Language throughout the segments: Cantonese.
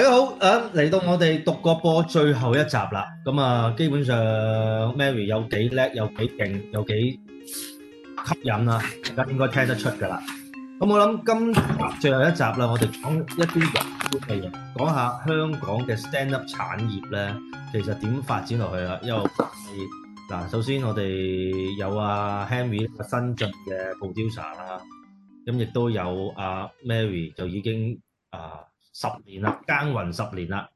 大家好，啊嚟到我哋獨角播最後一集啦，咁、嗯、啊基本上 Mary 有幾叻，有幾勁，有幾吸引啦，大家應該聽得出噶啦。咁、嗯、我諗今最後一集啦，我哋講一啲嘅嘢，講一下香港嘅 stand up 產業呢，其實點發展落去啊？又嗱，首先我哋有啊 Henry 新晉嘅 producer 啦，咁亦都有阿、啊、Mary 就已經。十年啦，耕耘十年啦，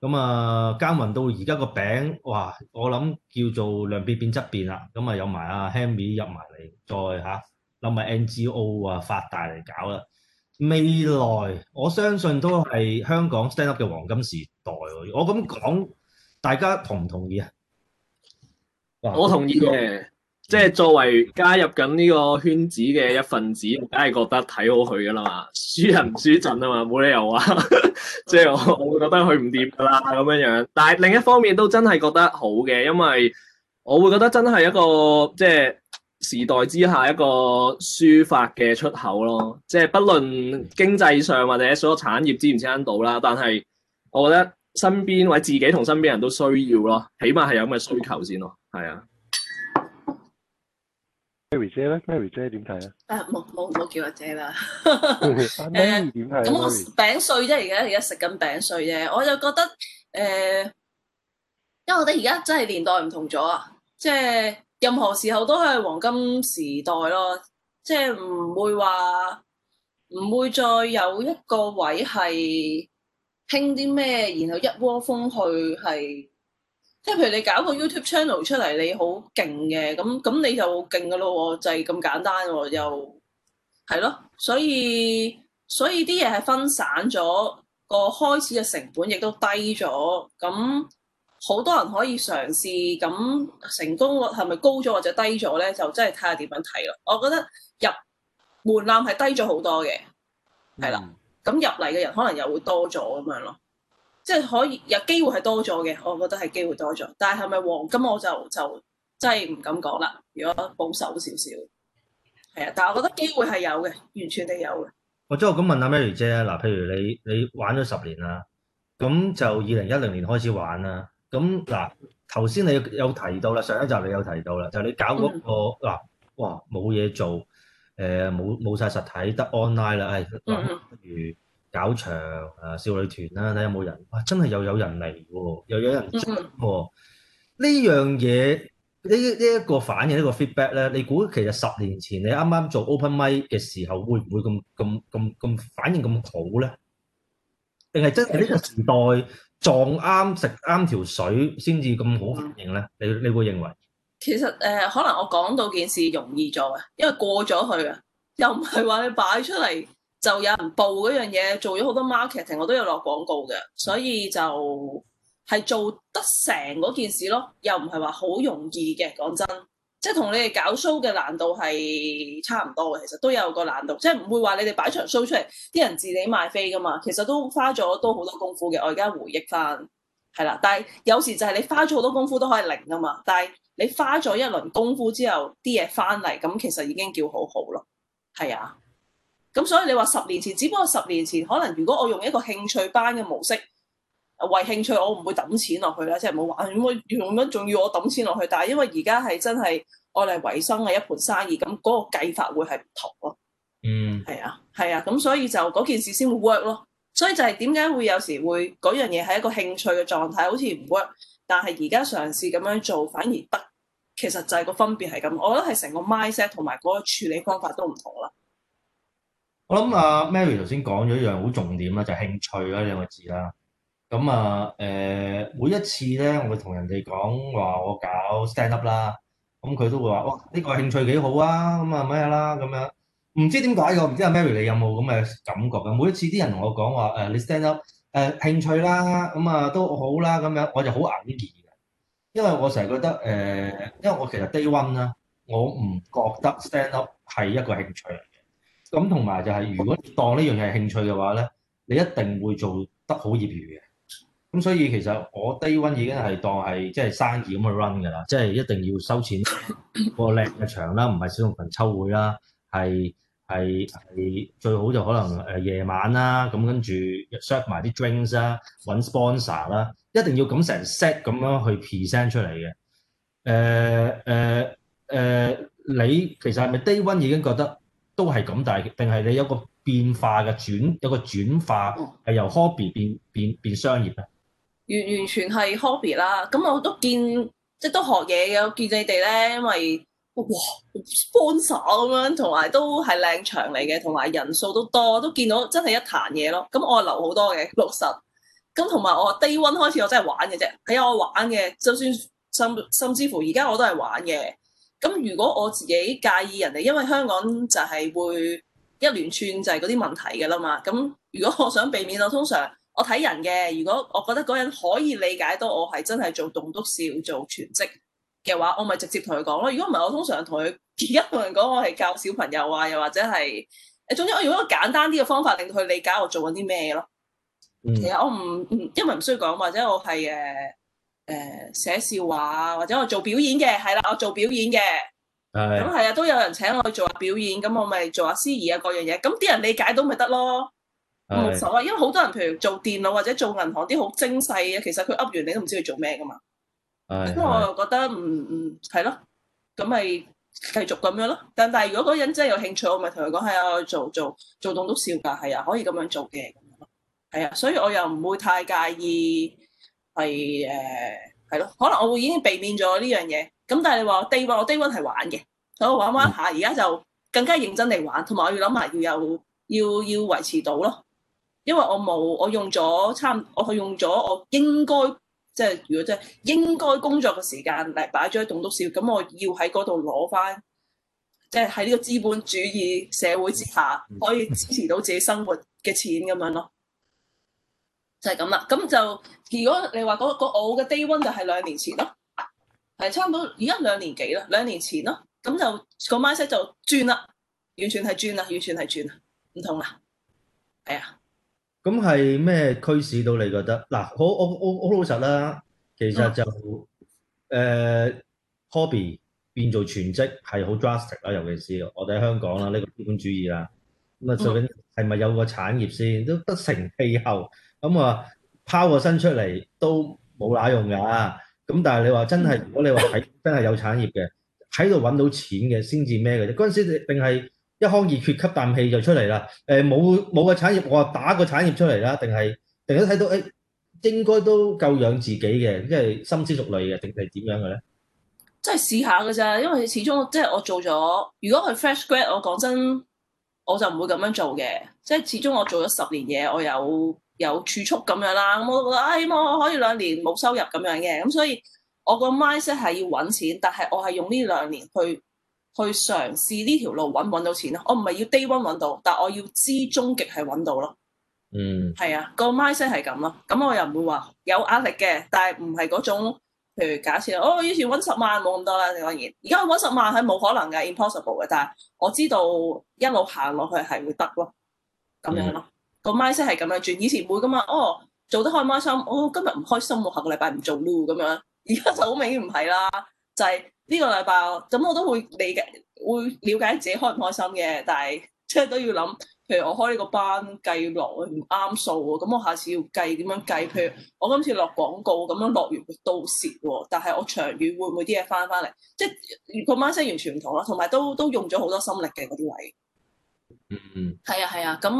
咁啊耕耘到而家個餅，哇！我諗叫做量變變質變啦，咁啊有埋啊 Henry 入埋嚟，再吓，諗埋 NGO 啊發大嚟搞啦。未來我相信都係香港 Stand Up 嘅黃金時代，我咁講，大家同唔同意啊？哇我同意嘅。這個即係作為加入緊呢個圈子嘅一份子，梗係覺得睇好佢噶啦嘛，輸人唔輸陣啊嘛，冇理由話即係我會覺得佢唔掂噶啦咁樣樣。但係另一方面都真係覺得好嘅，因為我會覺得真係一個即係時代之下一個抒發嘅出口咯。即係不論經濟上或者所有產業支唔支持到啦，但係我覺得身邊或者自己同身邊人都需要咯，起碼係有咁嘅需求先咯。係啊。Mary 姐咧，Mary 姐點睇啊？ 啊，冇冇冇叫阿姐啦。誒，點睇？咁我餅碎啫，而家而家食緊餅碎啫。我就覺得誒、呃，因為我哋而家真係年代唔同咗啊，即係任何時候都係黃金時代咯，即係唔會話唔會再有一個位係興啲咩，然後一窩蜂去係。即係譬如你搞個 YouTube channel 出嚟，你好勁嘅，咁咁你就勁噶咯，就係、是、咁簡單，又係咯，所以所以啲嘢係分散咗，個開始嘅成本亦都低咗，咁好多人可以嘗試，咁成功率係咪高咗或者低咗咧？就真係睇下點樣睇咯。我覺得入門檻係低咗好多嘅，係啦，咁、嗯、入嚟嘅人可能又會多咗咁樣咯。即係可以有機會係多咗嘅，我覺得係機會多咗。但係係咪黃金我就就真係唔敢講啦。如果保守少少，係啊。但係我覺得機會係有嘅，完全都有嘅。或者我咁問，問下 Mary 姐啊，嗱，譬如你你玩咗十年啦，咁就二零一零年開始玩啦。咁嗱，頭先你有提到啦，上一集你有提到啦，就係、你搞嗰、嗰個嗱，嗯、哇冇嘢做，誒冇冇曬實體，得 online 啦，誒、哎、不如。嗯嗯搞場誒少女團啦，睇有冇人哇！真係又有人嚟喎，又有人出喎。呢、嗯、樣嘢呢呢一個反應、這個、呢個 feedback 咧，你估其實十年前你啱啱做 open mic 嘅時候會唔會咁咁咁咁反應咁好咧？定係真係呢個時代撞啱食啱條水先至咁好反應咧？嗯、你你會認為？其實誒、呃，可能我講到件事容易做嘅，因為過咗去啊，又唔係話你擺出嚟。就有人報嗰樣嘢，做咗好多 marketing，我都有落廣告嘅，所以就係做得成嗰件事咯，又唔係話好容易嘅。講真，即係同你哋搞 show 嘅難度係差唔多嘅，其實都有個難度，即係唔會話你哋擺場 show 出嚟，啲人自己買飛㗎嘛。其實都花咗都好多功夫嘅。我而家回憶翻係啦，但係有時就係你花咗好多功夫都可以零㗎嘛。但係你花咗一輪功夫之後，啲嘢翻嚟咁，其實已經叫好好咯。係啊。咁所以你話十年前，只不過十年前可能，如果我用一個興趣班嘅模式為興趣，我唔會抌錢落去啦，即係冇話咁用咗仲要我抌錢落去。但係因為而家係真係我嚟維生嘅一盤生意，咁嗰個計法會係唔同咯。嗯，係啊，係啊，咁所以就嗰件事先會 work 咯。所以就係點解會有時會嗰樣嘢係一個興趣嘅狀態，好似唔 work，但係而家嘗試咁樣做反而得。其實就係個分別係咁，我覺得係成個 mindset 同埋嗰個處理方法都唔同啦。我諗啊，Mary 頭先講咗一樣好重點啦，就係、興趣啦兩、呢個字啦。咁啊，誒每一次咧，我會同人哋講話我搞 stand up 啦，咁佢都會話：哇，呢個興趣幾好啊！咁啊咩啦咁樣。唔知點解我唔知阿、啊、Mary 你有冇咁嘅感覺嘅？每一次啲人同我講話誒你 stand up 誒、uh, 興趣啦，咁啊都好啦、啊、咁樣，我就好眼熱嘅。因為我成日覺得誒、呃，因為我其實 day one 啦，我唔覺得 stand up 係一個興趣。咁同埋就係、是，如果當呢樣嘢係興趣嘅話咧，你一定會做得好業餘嘅。咁所以其實我 Day One 已經係當係即係生意咁去 run 嘅啦，即、就、係、是、一定要收錢嗰個靚嘅場啦，唔係小用場抽會啦，係係係最好就可能誒、呃、夜晚啦，咁跟住 set 埋啲 drinks 啦，揾 sponsor 啦，一定要咁成 set 咁樣去 present 出嚟嘅。誒誒誒，你其實係咪 Day One 已經覺得？都係咁，但係定係你有個變化嘅轉，有個轉化係由 Hobby 變變變商業咧？完完全係 Hobby 啦。咁我都見即係都學嘢嘅。我見你哋咧，因為哇 sponsor 咁樣，同埋都係靚場嚟嘅，同埋人數都多，都見到真係一壇嘢咯。咁我留好多嘅六十。咁同埋我 day one 開始我、哎，我真係玩嘅啫。係我玩嘅，就算甚甚至乎而家我都係玩嘅。咁如果我自己介意人哋，因為香港就係會一連串就係嗰啲問題嘅啦嘛。咁如果我想避免，我通常我睇人嘅。如果我覺得嗰人可以理解到我係真係做棟篤笑做全職嘅話，我咪直接同佢講咯。如果唔係，我通常同佢而家同人講我係教小朋友啊，又或者係誒，總之我用一個簡單啲嘅方法令到佢理解我做緊啲咩咯。其實我唔唔，因為唔需要講，或者我係誒。誒、呃、寫笑話，或者我做表演嘅，係啦，我做表演嘅，咁係的啊，都有人請我去做下表演，咁我咪做下司儀啊，各樣嘢，咁啲人理解到咪得咯，冇所謂。因為好多人譬如做電腦或者做銀行啲好精細嘅，其實佢噏完你都唔知佢做咩㗎嘛，咁的我又覺得唔唔係咯，咁、嗯、咪、嗯、繼續咁樣咯，但係如果嗰人真係有興趣，我咪同佢講係啊，我做做做棟篤笑㗎，係啊，可以咁樣做嘅，係啊，所以我又唔會太介意。係誒，係咯，可能我會已經避免咗呢樣嘢。咁但係你話 Day One，我 Day One 係玩嘅，我玩玩下。而家就更加認真嚟玩，同埋我要諗下要有要要維持到咯。因為我冇我用咗差，我用咗我，我應該即係、即係、如果真係應該工作嘅時間嚟擺咗喺棟篤笑，咁我要喺嗰度攞翻，即係喺呢個資本主義社會之下可以支持到自己生活嘅錢咁樣咯。就係咁啦，咁就如果你話嗰、嗰個我嘅 day one 就係兩年前咯，係差唔多而家兩年幾咯，兩年前咯，咁就個 market 就轉啦，完全係轉啦，完全係轉啊，唔同啦，係啊，咁係咩驅使到你覺得嗱？好好，好，好老實啦，其實就誒、嗯呃、hobby 變做全職係好 drastic 啦，尤其是我哋喺香港啦，呢、呢個資本主義啦，咁啊究竟係咪有個產業先都不成氣候。咁啊、嗯，拋個身出嚟都冇乸用㗎、啊。咁但係你話真係，如果你話喺真係有產業嘅，喺度揾到錢嘅先至咩嘅啫。嗰陣時定係一腔熱血吸啖氣就出嚟啦。誒冇冇個產業，我打個產業出嚟啦。定係定係睇到誒、欸，應該都夠養自己嘅，即係深思熟慮嘅，定係點樣嘅咧？即係試下㗎咋，因為始終即係我做咗。如果佢 fresh grad，我講真，我就唔會咁樣做嘅。即係始終我做咗十年嘢，我有。有儲蓄咁樣啦，咁我覺得，希望我可以兩年冇收入咁樣嘅，咁所以我個 mindset 係要揾錢，但係我係用呢兩年去去嘗試呢條路揾揾到錢咯。我唔係要 day one 揾到，但係我要知終極係揾到咯。嗯，係啊，個 mindset 係咁咯。咁我又唔會話有壓力嘅，但係唔係嗰種，譬如假設哦，以前揾十萬冇咁多啦，當然而家揾十萬係冇可能㗎，impossible 嘅。但係我知道一路行落去係會得咯，咁樣咯、嗯。個 mindset 係咁樣轉，以前會噶嘛？哦，做得開、哦、開心、啊，哦今日唔開心，我下個禮拜唔做咯、啊、咁樣。而家就好明顯唔係啦，就係、是、呢個禮拜，咁我都會理解，會了解自己開唔開心嘅。但係即係都要諗，譬如我開呢個班計落去唔啱數喎，咁、啊、我下次要計點樣計？譬如我今次落廣告咁樣落完會倒蝕喎、啊，但係我長遠會唔會啲嘢翻翻嚟？即係、個 mindset 完全唔同啦，同埋都都用咗好多心力嘅嗰啲位。嗯，係啊，係啊，咁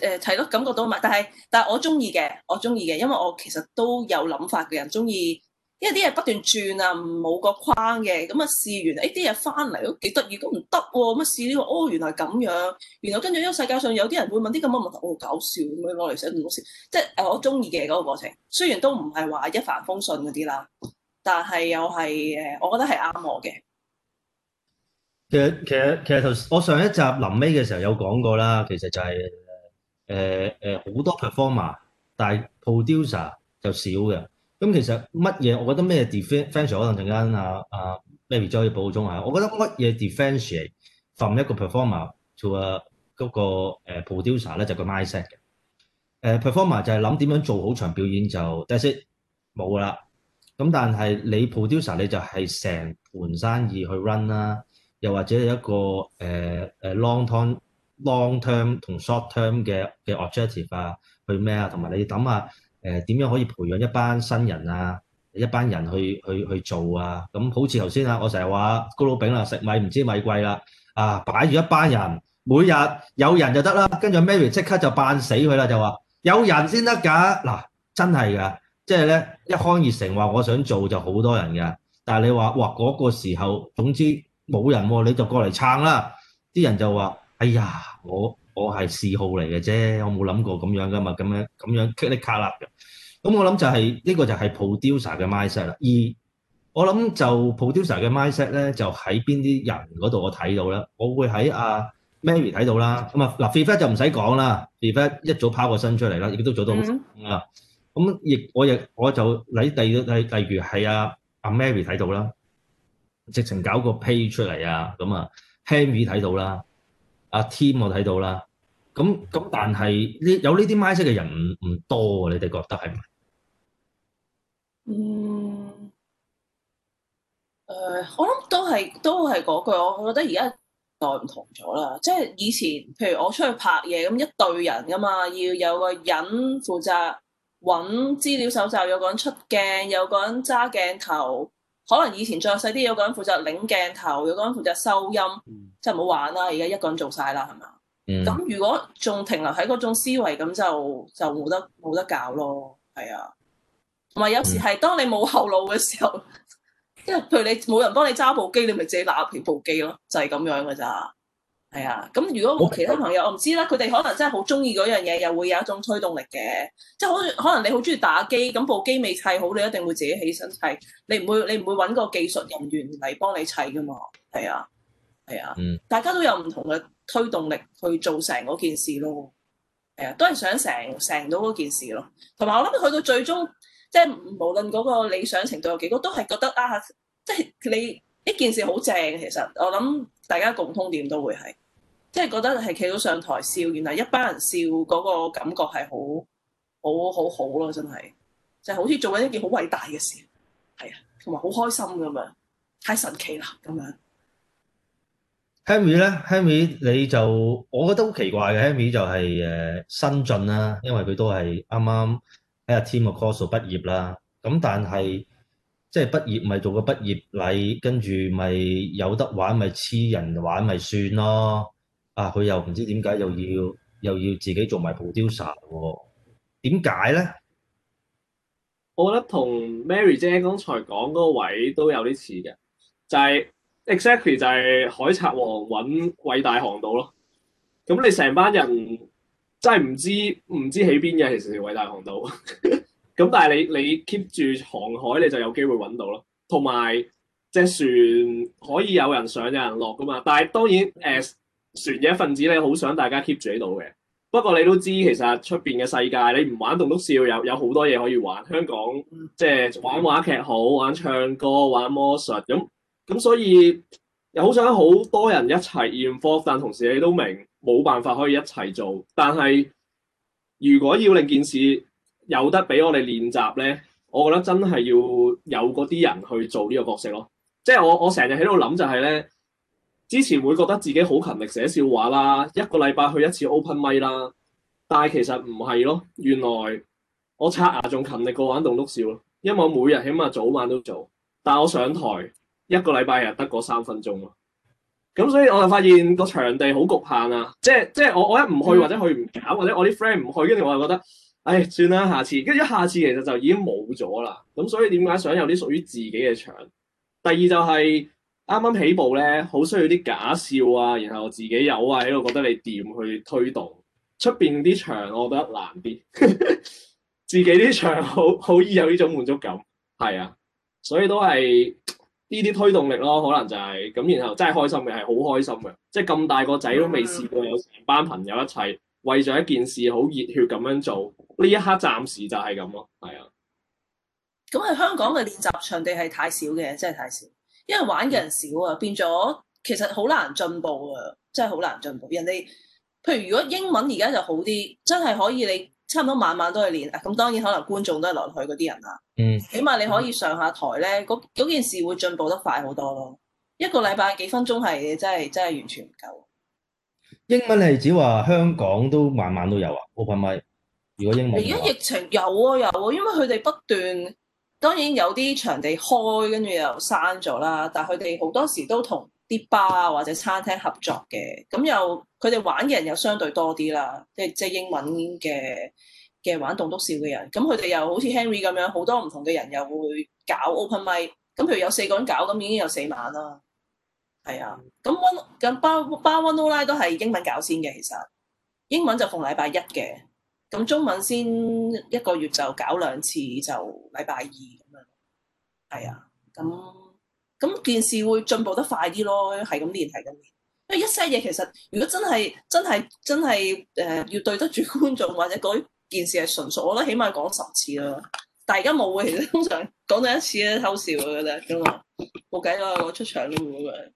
誒，係咯，感覺到嘛，但係但係我中意嘅，我中意嘅，因為我其實都有諗法嘅人中意，因為啲嘢不斷轉啊，冇個框嘅，咁啊試完，誒啲嘢翻嚟都幾得意，咁唔得喎，咁啊試呢個，哦原來咁樣，原來跟住呢個世界上有啲人會問啲咁嘅問題，我、哦、好搞笑，咁樣攞嚟寫唔好事，即係誒我中意嘅嗰個過程，雖然都唔係話一帆風順嗰啲啦，但係又係誒，我覺得係啱我嘅。其實其實其實頭我上一集臨尾嘅時候有講過啦，其實就係誒誒好多 performer，但係 producer 就少嘅。咁、嗯、其實乜嘢？我覺得咩 differentiate 可能陣間啊啊 maybe 可以補充下。我覺得乜嘢 differentiate from 一個 performer 做啊個誒 producer 咧，就是、個 mindset 嘅。誒、呃、performer 就係諗點樣做好場表演就，it, 嗯、但是冇啦。咁但係你 producer 你就係成盤生意去 run 啦、啊。又或者一個誒誒、uh, long term long term 同 short term 嘅嘅 objective 啊，去咩啊？同埋你要諗下誒點樣可以培養一班新人啊？一班人去去去做啊？咁、嗯、好似頭先啊，我成日話高佬餅啊，食米唔知米貴啦啊，擺住一班人，每日有人就得啦。跟住 Mary 即刻就扮死佢啦，就話有人先得㗎嗱，真係㗎，即係咧一腔熱誠話我想做就好多人㗎，但係你話哇嗰、嗰個時候總之。冇人喎、哦，你就過嚟撐啦！啲人就話：，哎呀，我我係嗜好嚟嘅啫，我冇諗過咁樣噶嘛，咁樣咁樣 kick 嘅。咁我諗就係呢個就係 producer 嘅 mindset 啦。 而我諗就 producer 嘅 mindset 咧，就喺邊啲人嗰度我睇到啦。我會喺阿、啊、Mary 睇到啦。咁啊，嗱 Fever 就唔使講啦 Fever 一早拋個身出嚟啦，亦都做到好、嗯、啊、嗯。咁亦我亦我就例第二例，例如係阿阿 Mary 睇到啦。直情搞個 page 出嚟啊，咁啊，Henry 睇到啦，阿 Tim 我睇到啦，咁咁但係呢，有呢啲 my 嘅人唔唔多，你哋覺得係唔係？嗯，誒、呃，我諗都係都係嗰句，我覺得而家代唔同咗啦，即係以前，譬如我出去拍嘢，咁一隊人噶嘛，要有個人負責搵資料搜集，有個人出鏡，有個人揸鏡頭。可能以前再細啲有個人負責擰鏡頭，有個人負責收音，嗯、即係唔好玩啦。而家一個人做晒啦，係嘛？咁、嗯、如果仲停留喺嗰種思維，咁就就冇得冇得搞咯。係啊，同埋有時係當你冇後路嘅時候，即係、嗯、 譬如你冇人幫你揸部機，你咪自己拿起部機咯，就係、是、咁樣嘅咋。係啊，咁如果冇其他朋友我唔知啦，佢哋可能真係好中意嗰樣嘢，又會有一種推動力嘅，即係好可能你好中意打機，咁部機未砌好，你一定會自己起身砌，你唔會你唔會搵個技術人員嚟幫你砌㗎嘛，係啊，係啊，嗯，大家都有唔同嘅推動力去做成嗰件事咯，係啊，都係想成成到嗰件事咯，同埋我諗去到最終，即係無論嗰個理想程度有幾高，都係覺得啊，即係你。一件事好正，其實我諗大家共通點都會係，即係覺得係企到上台笑，原來一班人笑嗰個感覺係好，就是、好好好咯，真係就係好似做緊一件好偉大嘅事，係啊，同埋好開心咁樣，太神奇啦咁樣。Henry 咧，Henry，你就我覺得好奇怪嘅，Henry 就係誒新進啦，因為佢都係啱啱喺阿 Tim 嘅 course 畢業啦，咁但係。即係畢業咪做個畢業禮，跟住咪有得玩咪黐人玩咪算咯。啊，佢又唔知點解又要又要自己做埋 producer 喎？點解咧？我覺得同 Mary 姐剛才講嗰個位都有啲似嘅，就係 exactly 就係《海賊王》揾偉大航道咯。咁你成班人真係唔知唔知喺邊嘅，其實偉大航道。 咁但係你你 keep 住航海，你就有機會揾到咯。同埋隻船可以有人上有人落㗎嘛。但係當然誒、呃，船嘅一份子你好想大家 keep 住喺度嘅。不過你都知其實出邊嘅世界，你唔玩棟篤笑有有好多嘢可以玩。香港即係、就是、玩話劇好，玩唱歌，玩魔術咁咁，所以又好想好多人一齊 involve。但同時你都明冇辦法可以一齊做。但係如果要令件事，有得俾我哋練習咧，我覺得真係要有嗰啲人去做呢個角色咯。即係我我成日喺度諗就係咧，之前會覺得自己好勤力寫笑話啦，一個禮拜去一次 open mic 啦，但係其實唔係咯。原來我刷牙仲勤力過玩棟篤笑咯，因為我每日起碼早晚都做，但係我上台一個禮拜日得嗰三分鐘咯。咁所以我就發現個場地好局限啊。即係即係我我一唔去，或者去唔搞，或者我啲 friend 唔去，跟住我就覺得。唉、哎，算啦，下次跟住一下次其實就已經冇咗啦。咁所以點解想有啲屬於自己嘅場？第二就係啱啱起步咧，好需要啲假笑啊，然後自己有啊，喺度覺得你掂去推動出邊啲場，場我覺得難啲。 自己啲場好好易有呢種滿足感，係啊，所以都係呢啲推動力咯，可能就係、是、咁。然後真係開心嘅係好開心嘅，即係咁大個仔都未試過、哎、呀有成班朋友一齊為咗一件事好熱血咁樣做。呢一刻暫時就係咁咯，係啊。咁喺香港嘅練習場地係太少嘅，真係太少。因為玩嘅人少啊，變咗其實好難進步啊，真係好難進步。人哋譬如如果英文而家就好啲，真係可以你差唔多晚晚都去練。咁當然可能觀眾都係來去嗰啲人啦、啊。嗯。起碼你可以上下台咧，嗰、嗯、件事會進步得快好多咯。一個禮拜幾分鐘係真係真係完全唔夠。英文係只話香港都晚晚都有啊，open mic 而家疫情有啊有啊，因為佢哋不斷當然有啲場地開，跟住又閂咗啦。但係佢哋好多時都同啲吧或者餐廳合作嘅，咁又佢哋玩嘅人又相對多啲啦。即係即係英文嘅嘅玩棟篤笑嘅人，咁佢哋又好似 Henry 咁樣，好多唔同嘅人又會搞 open mic。咁譬如有四個人搞，咁已經有四晚啦。係啊，咁溫咁巴巴溫 Ola 都係英文搞先嘅，其實英文就逢禮拜一嘅。咁中文先一個月就搞兩次，就禮拜二咁樣。係啊，咁咁件事會進步得快啲咯，係咁練，係咁練。因為一些嘢其實，如果真係真係真係誒、呃，要對得住觀眾或者講件事係純熟，我覺得起碼講十次啦。但係而家冇嘅，其實通常講到一次咧偷笑我覺得。咁啊冇計啦，我出場都唔會嘅。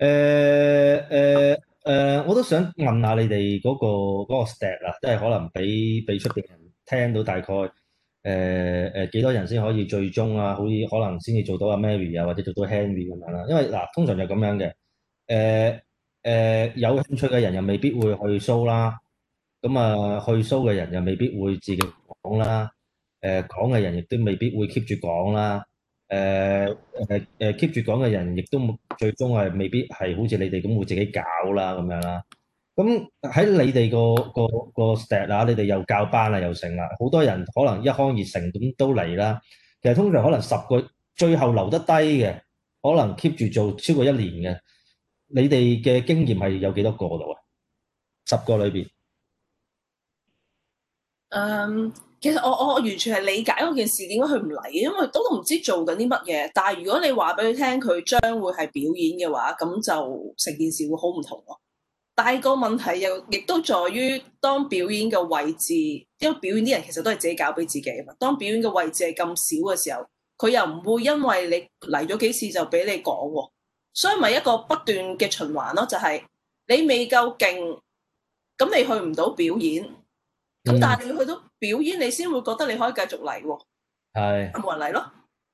誒誒。誒，uh, 我都想問下你哋嗰、那個嗰、那個 step 啊，即係可能俾俾出邊人聽到大概誒誒、呃呃、幾多人先可以最終啊，好似可能先至做到阿 Mary 啊，或者做到 Henry 咁、啊、樣啦。因為嗱、啊，通常就咁樣嘅誒誒，有興趣嘅人又未必會去 show 啦，咁、呃、啊去 show 嘅人又未必會自己講啦，誒、呃、講嘅人亦都未必會 keep 住講啦。誒誒誒，keep 住講嘅人，亦都最終係未必係好似你哋咁會自己搞啦咁樣啦。咁喺你哋個個個 step 啊，你哋又教班啦，又成啦，好多人可能一腔熱誠咁都嚟啦。其實通常可能十個最後留得低嘅，可能 keep 住做超過一年嘅，你哋嘅經驗係有幾多個度？啊？十個裏邊。嗯、um。其實我我我完全係理解嗰件事點解佢唔嚟，因為都都唔知做緊啲乜嘢。但係如果你話俾佢聽，佢將會係表演嘅話，咁就成件事會好唔同咯。但係個問題又亦都在於當表演嘅位置，因為表演啲人其實都係自己搞俾自己㗎嘛。當表演嘅位置係咁少嘅時候，佢又唔會因為你嚟咗幾次就俾你講喎。所以咪一個不斷嘅循環咯，就係、是、你未夠勁，咁你去唔到表演。咁但係你去到，嗯表演你先會覺得你可以繼續嚟喎。哦，係冇是人嚟咯，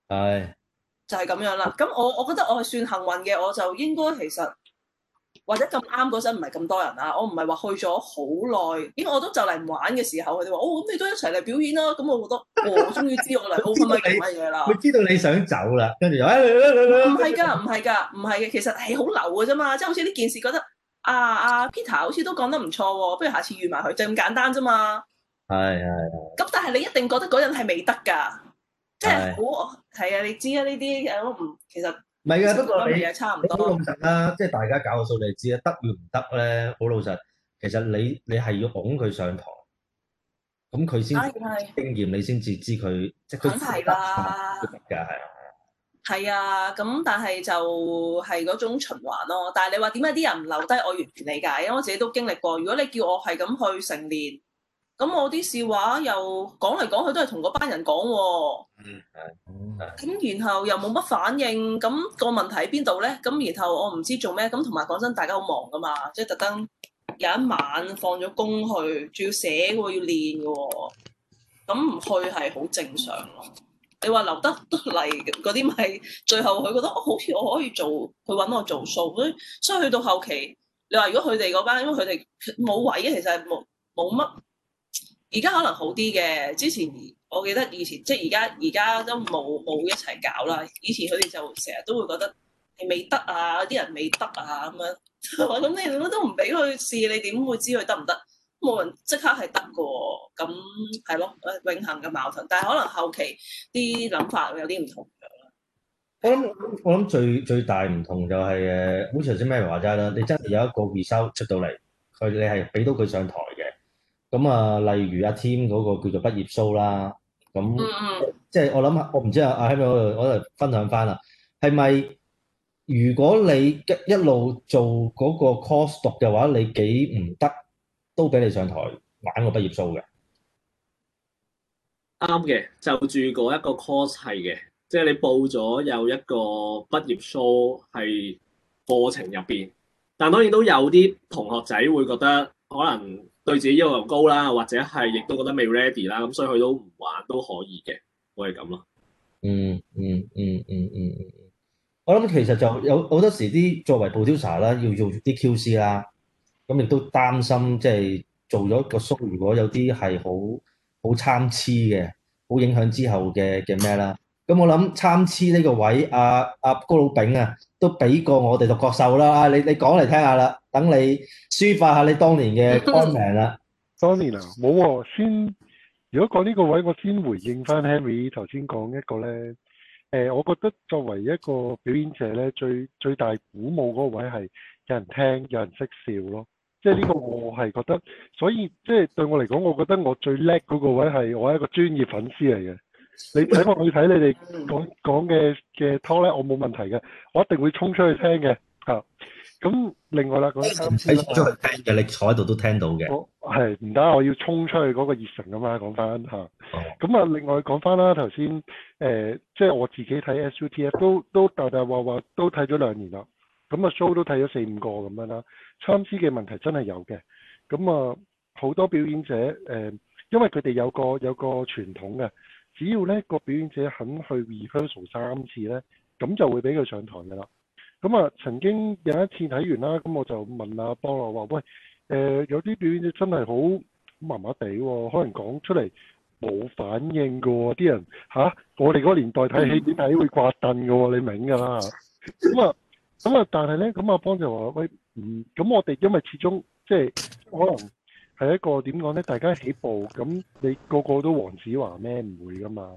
係是就係咁樣啦。咁我我覺得我係算幸運嘅，我就應該其實或者咁啱嗰陣唔係咁多人啊，我唔係話去咗好耐，因為我都就嚟唔玩嘅時候，佢哋話哦，咁你都一齊嚟表演啦，咁我覺得、哦、我終於知我嚟好乜乜乜嘢啦，佢 知、嗯、知道你想走啦，跟住就唔係噶唔係噶唔係嘅，其實係、就是、好流嘅啫嘛，即係好似呢件事覺得啊啊 Peter 好似都講得唔錯，不如下次遇埋佢就咁簡單啫嘛。係係係。咁但係你一定覺得嗰人係未得噶，即係好，係啊，你知啊呢啲，我唔其實唔係噶，不過你差唔多，好老實啦，即係大家搞個數你知啊，得與唔得咧，好老實，其實你你係要捧佢上堂，咁佢先經驗，你先至知佢即係。肯定啦，噶係。係啊，咁但係就係嗰種循環咯。但係你話點解啲人唔留低，我完全理解，因為我自己都經歷過。如果你叫我係咁去成年。咁我啲笑話又講嚟講去都係同嗰班人講、哦嗯，嗯係，咁、嗯、然後又冇乜反應，咁、個問題喺邊度咧？咁然後我唔知做咩，咁同埋講真，大家好忙噶嘛，即係特登有一晚放咗工去，仲要寫嘅、哦，要練嘅，咁唔去係好正常咯。你話留得得嚟嗰啲咪最後佢覺得好似我可以做，佢搵我做數，所以去到後期，你話如果佢哋嗰班，因為佢哋冇位，其實係冇冇乜。而家可能好啲嘅，之前我記得以前，即係而家而家都冇冇一齊搞啦。以前佢哋就成日都會覺得係未得啊，啲人未得啊咁樣。我諗你都唔俾佢試，你點會知佢得唔得？冇人即刻係得嘅喎。咁係咯，永恆嘅矛盾。但係可能後期啲諗法有啲唔同咗。我諗我諗最最大唔同就係、是、誒，好似頭先咩話齋啦，你真係有一個預收出到嚟，佢你係俾到佢上台，咁啊，例如阿 Tim 嗰個叫做畢業 show 啦，咁、mm hmm. 即係我諗下，我唔知啊，阿 Tim 我我嚟分享翻啦，係咪如果你一路做嗰個 course 讀嘅話，你幾唔得都俾你上台玩個畢業 show 嘅？啱嘅，就住嗰一個 course 係嘅，即係你報咗有一個畢業 show 係課程入邊，但當然都有啲同學仔會覺得可能，對自己要求高啦，或者係亦都覺得未 ready 啦，咁所以佢都唔玩都可以嘅，我係咁咯。嗯嗯嗯嗯嗯嗯，我諗其實就有好多時啲作為 Producer 啦，要做啲 QC 啦，咁亦都擔心即係做咗個 show，如果有啲係好好參差嘅，好影響之後嘅嘅咩啦。咁我諗參差呢個位，阿阿高老炳啊。啊都比過我哋獨角秀啦！你你講嚟聽下啦，等你抒發下你當年嘅康名啦。 當年啊，冇喎。先，如果講呢個位，我先回應翻 Henry 頭先講一個呢。誒、呃，我覺得作為一個表演者呢，最最大鼓舞嗰位係有人聽、有人識笑咯。即係呢個我係覺得，所以即係、就是、對我嚟講，我覺得我最叻嗰個位係我係一個專業粉絲嚟嘅。你睇我，我睇你哋講講嘅嘅 talk 咧，我冇問題嘅，我一定會衝出去聽嘅。吓，咁另外啦，講參差，你衝出去聽嘅，你坐喺度都聽到嘅。係唔得，我要衝出去嗰個熱誠啊嘛，講翻吓。咁啊，哦、另外講翻啦，頭先誒，即係、呃就是、我自己睇 SUTF 都都大大話話都睇咗兩年啦，咁啊 show 都睇咗四五個咁樣啦。參差嘅問題真係有嘅，咁啊好多表演者誒、呃，因為佢哋有個有個傳統嘅。只要咧個表演者肯去 rehearsal 三次咧，咁就會俾佢上台嘅啦。咁啊，曾經有一次睇完啦，咁我就問阿邦話，話，喂，誒、呃、有啲表演者真係好麻麻地喎，可能講出嚟冇反應嘅喎、哦，啲人吓、啊，我哋嗰年代睇戲點睇會掛凳嘅喎，你明㗎啦。咁啊，咁啊，但係咧，咁阿邦就話，喂，唔、嗯，咁我哋因為始終即係可能。係一個點講呢？大家起步咁，你個個都黃子華咩，唔會噶嘛？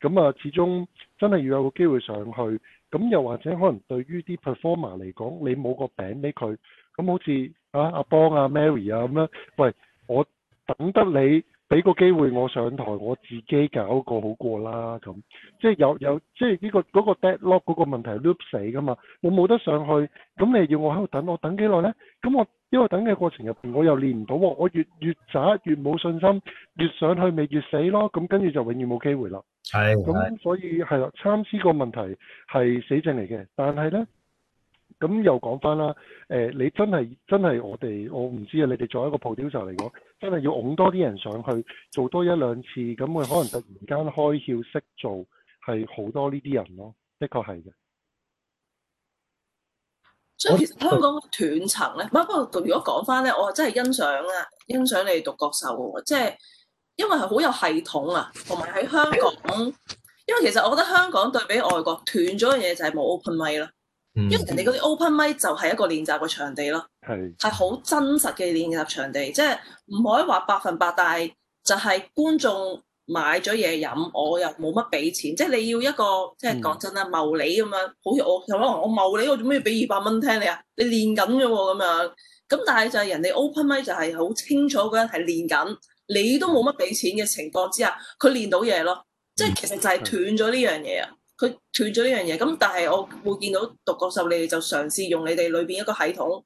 咁啊，始終真係要有個機會上去。咁又或者可能對於啲 performer 嚟講，你冇個餅俾佢，咁好似啊阿邦啊 Mary 啊咁、啊、樣。喂，我等得你。俾個機會我上台，我自己搞個好過啦咁，即係有有即係、這、呢個嗰、那個、deadlock 嗰個問題 loop 死噶嘛，我冇得上去，咁你要我喺度等，我等幾耐呢？咁我因為等嘅過程入邊，我又練唔到，我越越渣越冇信心，越上去咪越死咯，咁跟住就永遠冇機會啦。係，咁所以係啦，參思個問題係死症嚟嘅，但係呢，咁又講翻啦，誒、呃，你真係真係我哋，我唔知啊，你哋作為一個 producer 嚟講。因為要擁多啲人上去做多一兩次，咁佢可能突然間開竅識做，係好多呢啲人咯。的確係嘅。所以其實香港斷層咧，唔不過，如果講翻咧，我真係欣賞啊，欣賞你哋獨角秀喎，即係因為係好有系統啊，同埋喺香港，因為其實我覺得香港對比外國斷咗嘅嘢就係冇 open mic，因為人哋嗰啲 open mic 就係一個練習嘅場地咯。係係好真實嘅練習場地，即係唔可以話百分百，但係就係觀眾買咗嘢飲，我又冇乜俾錢，即係你要一個即係講真啦，茂利咁樣，好似我有可能我茂利，我做咩要俾二百蚊聽你啊？你練緊嘅喎咁樣，咁但係就係人哋 open mic 就係好清楚嗰日係練緊，你都冇乜俾錢嘅情況之下，佢練到嘢咯，即係其實就係斷咗呢樣嘢啊！佢 斷咗呢樣嘢，咁但係我會見到獨角獸，你哋就嘗試用你哋裏邊一個系統。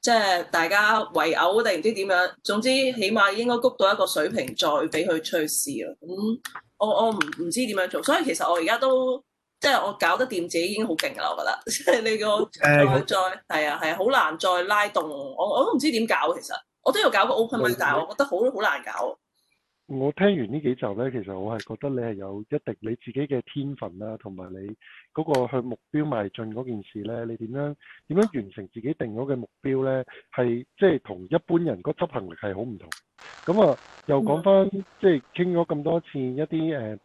即係大家圍毆定唔知點樣，總之起碼應該谷到一個水平再俾佢出試咯。咁、嗯、我我唔唔知點樣做，所以其實我而家都即係、就是、我搞得掂自己已經好勁啦。我覺得即係 你個再係啊係啊，好、啊啊、難再拉動。我我都唔知點搞其實，我都要搞過 open mic 你我覺得好好難搞。我聽完呢幾集咧，其實我係覺得你係有一定你自己嘅天分啦，同埋你。嗰個去目標邁進嗰件事呢，你點樣點樣完成自己定咗嘅目標呢？係即係同一般人嗰執行力係好唔同。咁啊，又講翻即係傾咗咁多次一啲誒、呃、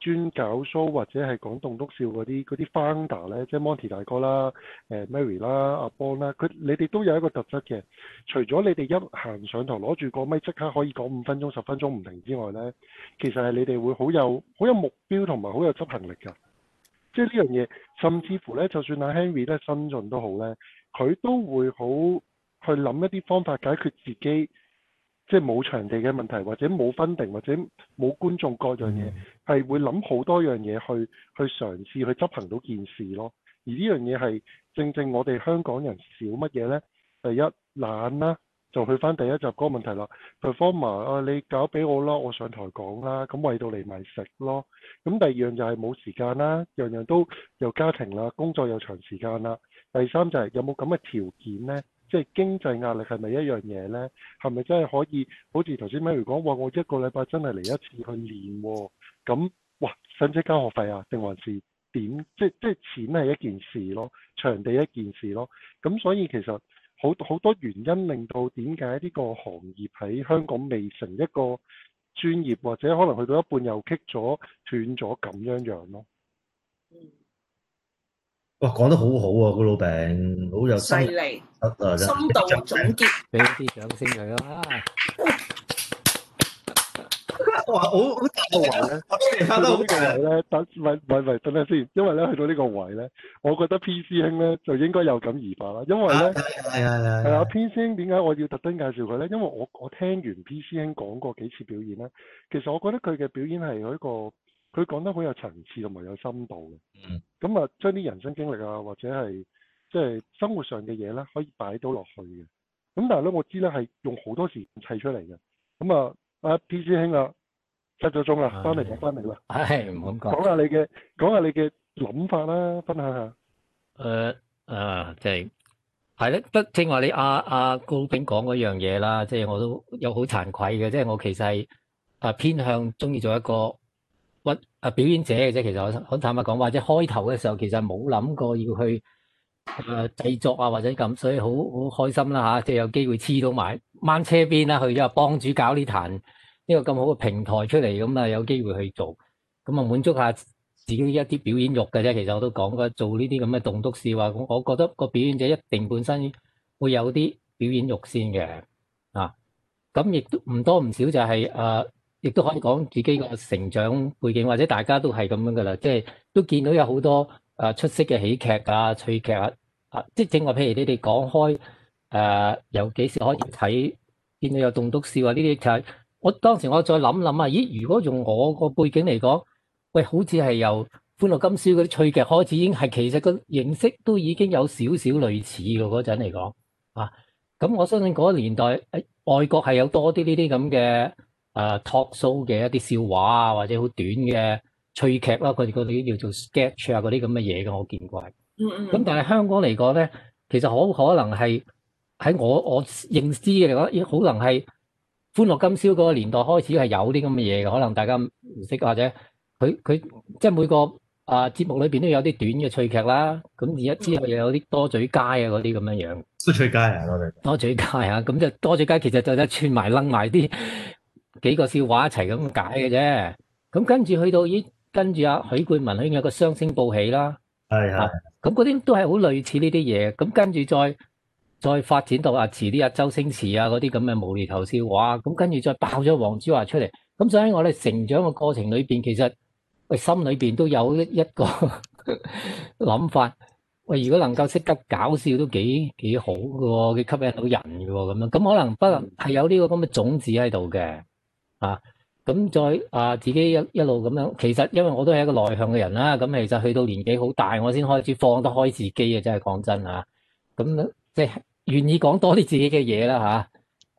專搞 show 或者係講棟篤笑嗰啲嗰啲 founder 呢，即係 Monty 大哥啦、誒、呃、Mary 啦、阿邦啦，佢你哋都有一個特質嘅。除咗你哋一行上台攞住個咪，即刻可以講五分鐘、十分鐘唔停之外呢，其實係你哋會好有好有目標同埋好有執行力㗎。即係呢樣嘢，甚至乎呢，就算阿、啊、Henry 都係新進都好呢，佢都會好去諗一啲方法解決自己即係冇場地嘅問題，或者冇分定，或者冇觀眾各樣嘢，係、嗯、會諗好多樣嘢去去嘗試去執行到件事咯。而呢樣嘢係正正我哋香港人少乜嘢呢？第一懶啦、啊。就去翻第一集嗰個問題啦。performer 啊，你搞俾我啦，我上台講啦。咁為到嚟咪食咯。咁第二樣就係冇時間啦，樣樣都有家庭啦，工作又長時間啦。第三就係有冇咁嘅條件呢？即係經濟壓力係咪一樣嘢呢？係咪真係可以好似頭先 Michael 講？哇！我一個禮拜真係嚟一次去練喎。咁哇，使唔使交學費啊？定還是點？即即錢係一件事咯，場地一件事咯。咁所以其實。好多好多原因令到點解呢個行業喺香港未成一個專業，或者可能去到一半又棘咗、斷咗咁樣樣咯。嗯，哇，講得好好啊！個老餅好有犀利，得啊，深度總結，俾啲掌聲佢啦。我好好 到個位咧，我啲評分等，唔係唔係，等下先。因為咧，去到呢個位咧，我覺得 P 師兄咧就應該有感而發啦。因為咧，係係係。係啊，P 師兄點解我要特登介紹佢咧？因為我我聽完 P 師兄講過幾次表演咧，其實我覺得佢嘅表演係有一個，佢講得好有層次同埋有深度嘅。嗯。咁啊，將啲人生經歷啊，或者係即係生活上嘅嘢咧，可以擺到落去嘅。咁但係咧，我知咧係用好多時間砌出嚟嘅。咁啊，啊 P 師兄啊！得咗鐘啦！翻嚟就翻嚟啦。唉，唔好咁講。講下你嘅講下你嘅諗法啦，分享下。誒啊，即係係咧，不正話你阿阿高炳講嗰樣嘢啦，即係我都有好慚愧嘅，即係我其實係啊偏向中意做一個運啊表演者嘅啫。其實我好坦白講，或者開頭嘅時候其實冇諗過要去誒製作啊或者咁，所以好好開心啦嚇，即係有機會黐到埋掹車邊啦，去咗幫主搞呢壇。呢個咁好嘅平台出嚟，咁啊有機會去做，咁啊滿足下自己一啲表演慾嘅啫。其實我都講過，做呢啲咁嘅棟篤笑啊，我覺得個表演者一定本身會有啲表演慾先嘅啊。咁亦都唔多唔少就係啊，亦都可以講自己個成長背景，或者大家都係咁樣噶啦。即係都見到有好多啊出色嘅喜劇啊、趣劇啊啊，即係正話譬如你哋講開啊，有幾時可以睇見到有棟篤笑啊？呢啲就係～我當時我再諗諗啊，咦？如果用我個背景嚟講，喂，好似係由歡樂今宵嗰啲趣劇開始，已經係其實個形式都已經有少少類似嘅嗰陣嚟講啊。咁我相信嗰個年代誒，外國係有多啲呢啲咁嘅誒 talk show 嘅一啲、啊、笑話啊，或者好短嘅趣劇啦，佢哋啲叫做 sketch 啊嗰啲咁嘅嘢嘅，我見過係。嗯嗯。咁但係香港嚟講咧，其實好可能係喺我我認知嘅嚟講，咦？可能係。歡樂今宵嗰個年代開始係有啲咁嘅嘢嘅，可能大家唔識或者佢佢即係每個啊、呃、節目裏邊都有啲短嘅趣劇啦。咁而家之後又有啲多嘴街啊嗰啲咁樣樣、啊。多嘴街啊，我哋多嘴街啊，咁就多嘴街其實就一串埋楞埋啲幾個笑話一齊咁解嘅啫。咁、嗯、跟住去到咦，跟住阿、啊、許冠文佢有個雙星報喜啦、啊。係係是、啊。咁嗰啲都係好類似呢啲嘢。咁、嗯、跟住再。再發展到啊，遲啲啊，周星馳啊嗰啲咁嘅無厘頭笑話，哇！咁跟住再爆咗黃子華出嚟，咁所以我哋成長嘅過程裏邊，其實我哋心裏邊都有一一個諗 法，喂，如果能夠識得搞笑都幾幾好嘅喎、哦，佢吸引到人嘅喎、哦，咁樣咁可能不能係有呢、這個咁嘅、這個、種子喺度嘅啊，咁再啊自己一一路咁樣，其實因為我都係一個內向嘅人啦，咁、啊、其實去到年紀好大，我先開始放得開自己嘅，真係講真啊，咁即係。願意講多啲自己嘅嘢啦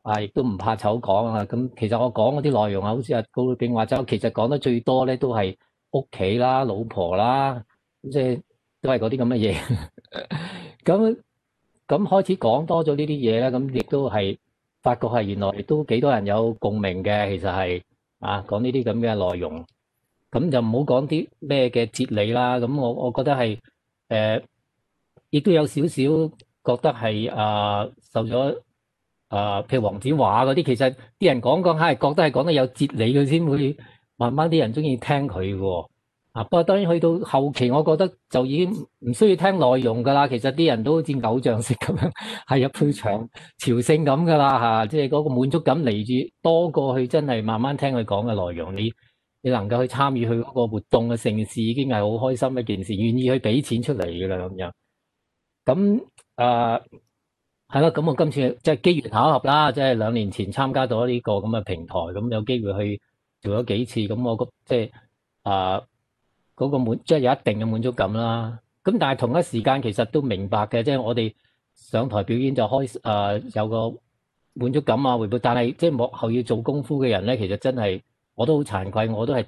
嚇，亦、啊、都唔怕醜講啊！咁其實我講嗰啲內容啊，好似阿高永話咗，其實講得最多咧都係屋企啦、老婆啦，即、就、係、是、都係嗰啲咁嘅嘢。咁 咁、啊、開始講多咗呢啲嘢咧，咁、啊、亦都係發覺係原來亦都幾多人有共鳴嘅，其實係啊講呢啲咁嘅內容，咁就唔好講啲咩嘅哲理啦。咁我我覺得係誒，亦、啊、都有少少。覺得係啊、呃，受咗啊、呃，譬如黃子華嗰啲，其實啲人講講，嗨，覺得係講得有哲理嘅先會慢慢啲人鍾意聽佢喎、啊。啊，不過當然去到後期，我覺得就已經唔需要聽內容㗎啦。其實啲人都好似偶像式咁樣，係一推牆朝聖咁㗎啦嚇。即係嗰個滿足感嚟自多過去真係慢慢聽佢講嘅內容。你你能夠去參與佢嗰個活動嘅盛事，已經係好開心一件事。願意去俾錢出嚟㗎啦咁樣。咁啊，係啦。咁我今次即係機緣巧合啦，即係兩年前參加咗呢個咁嘅平台，咁有機會去做咗幾次。咁我覺得即係啊嗰、嗰個滿，即係有一定嘅滿足感啦。咁但係同一時間其實都明白嘅，即係我哋上台表演就開始啊、呃、有個滿足感啊回報，但係即係幕後要做功夫嘅人咧，其實真係我都好慚愧，我都係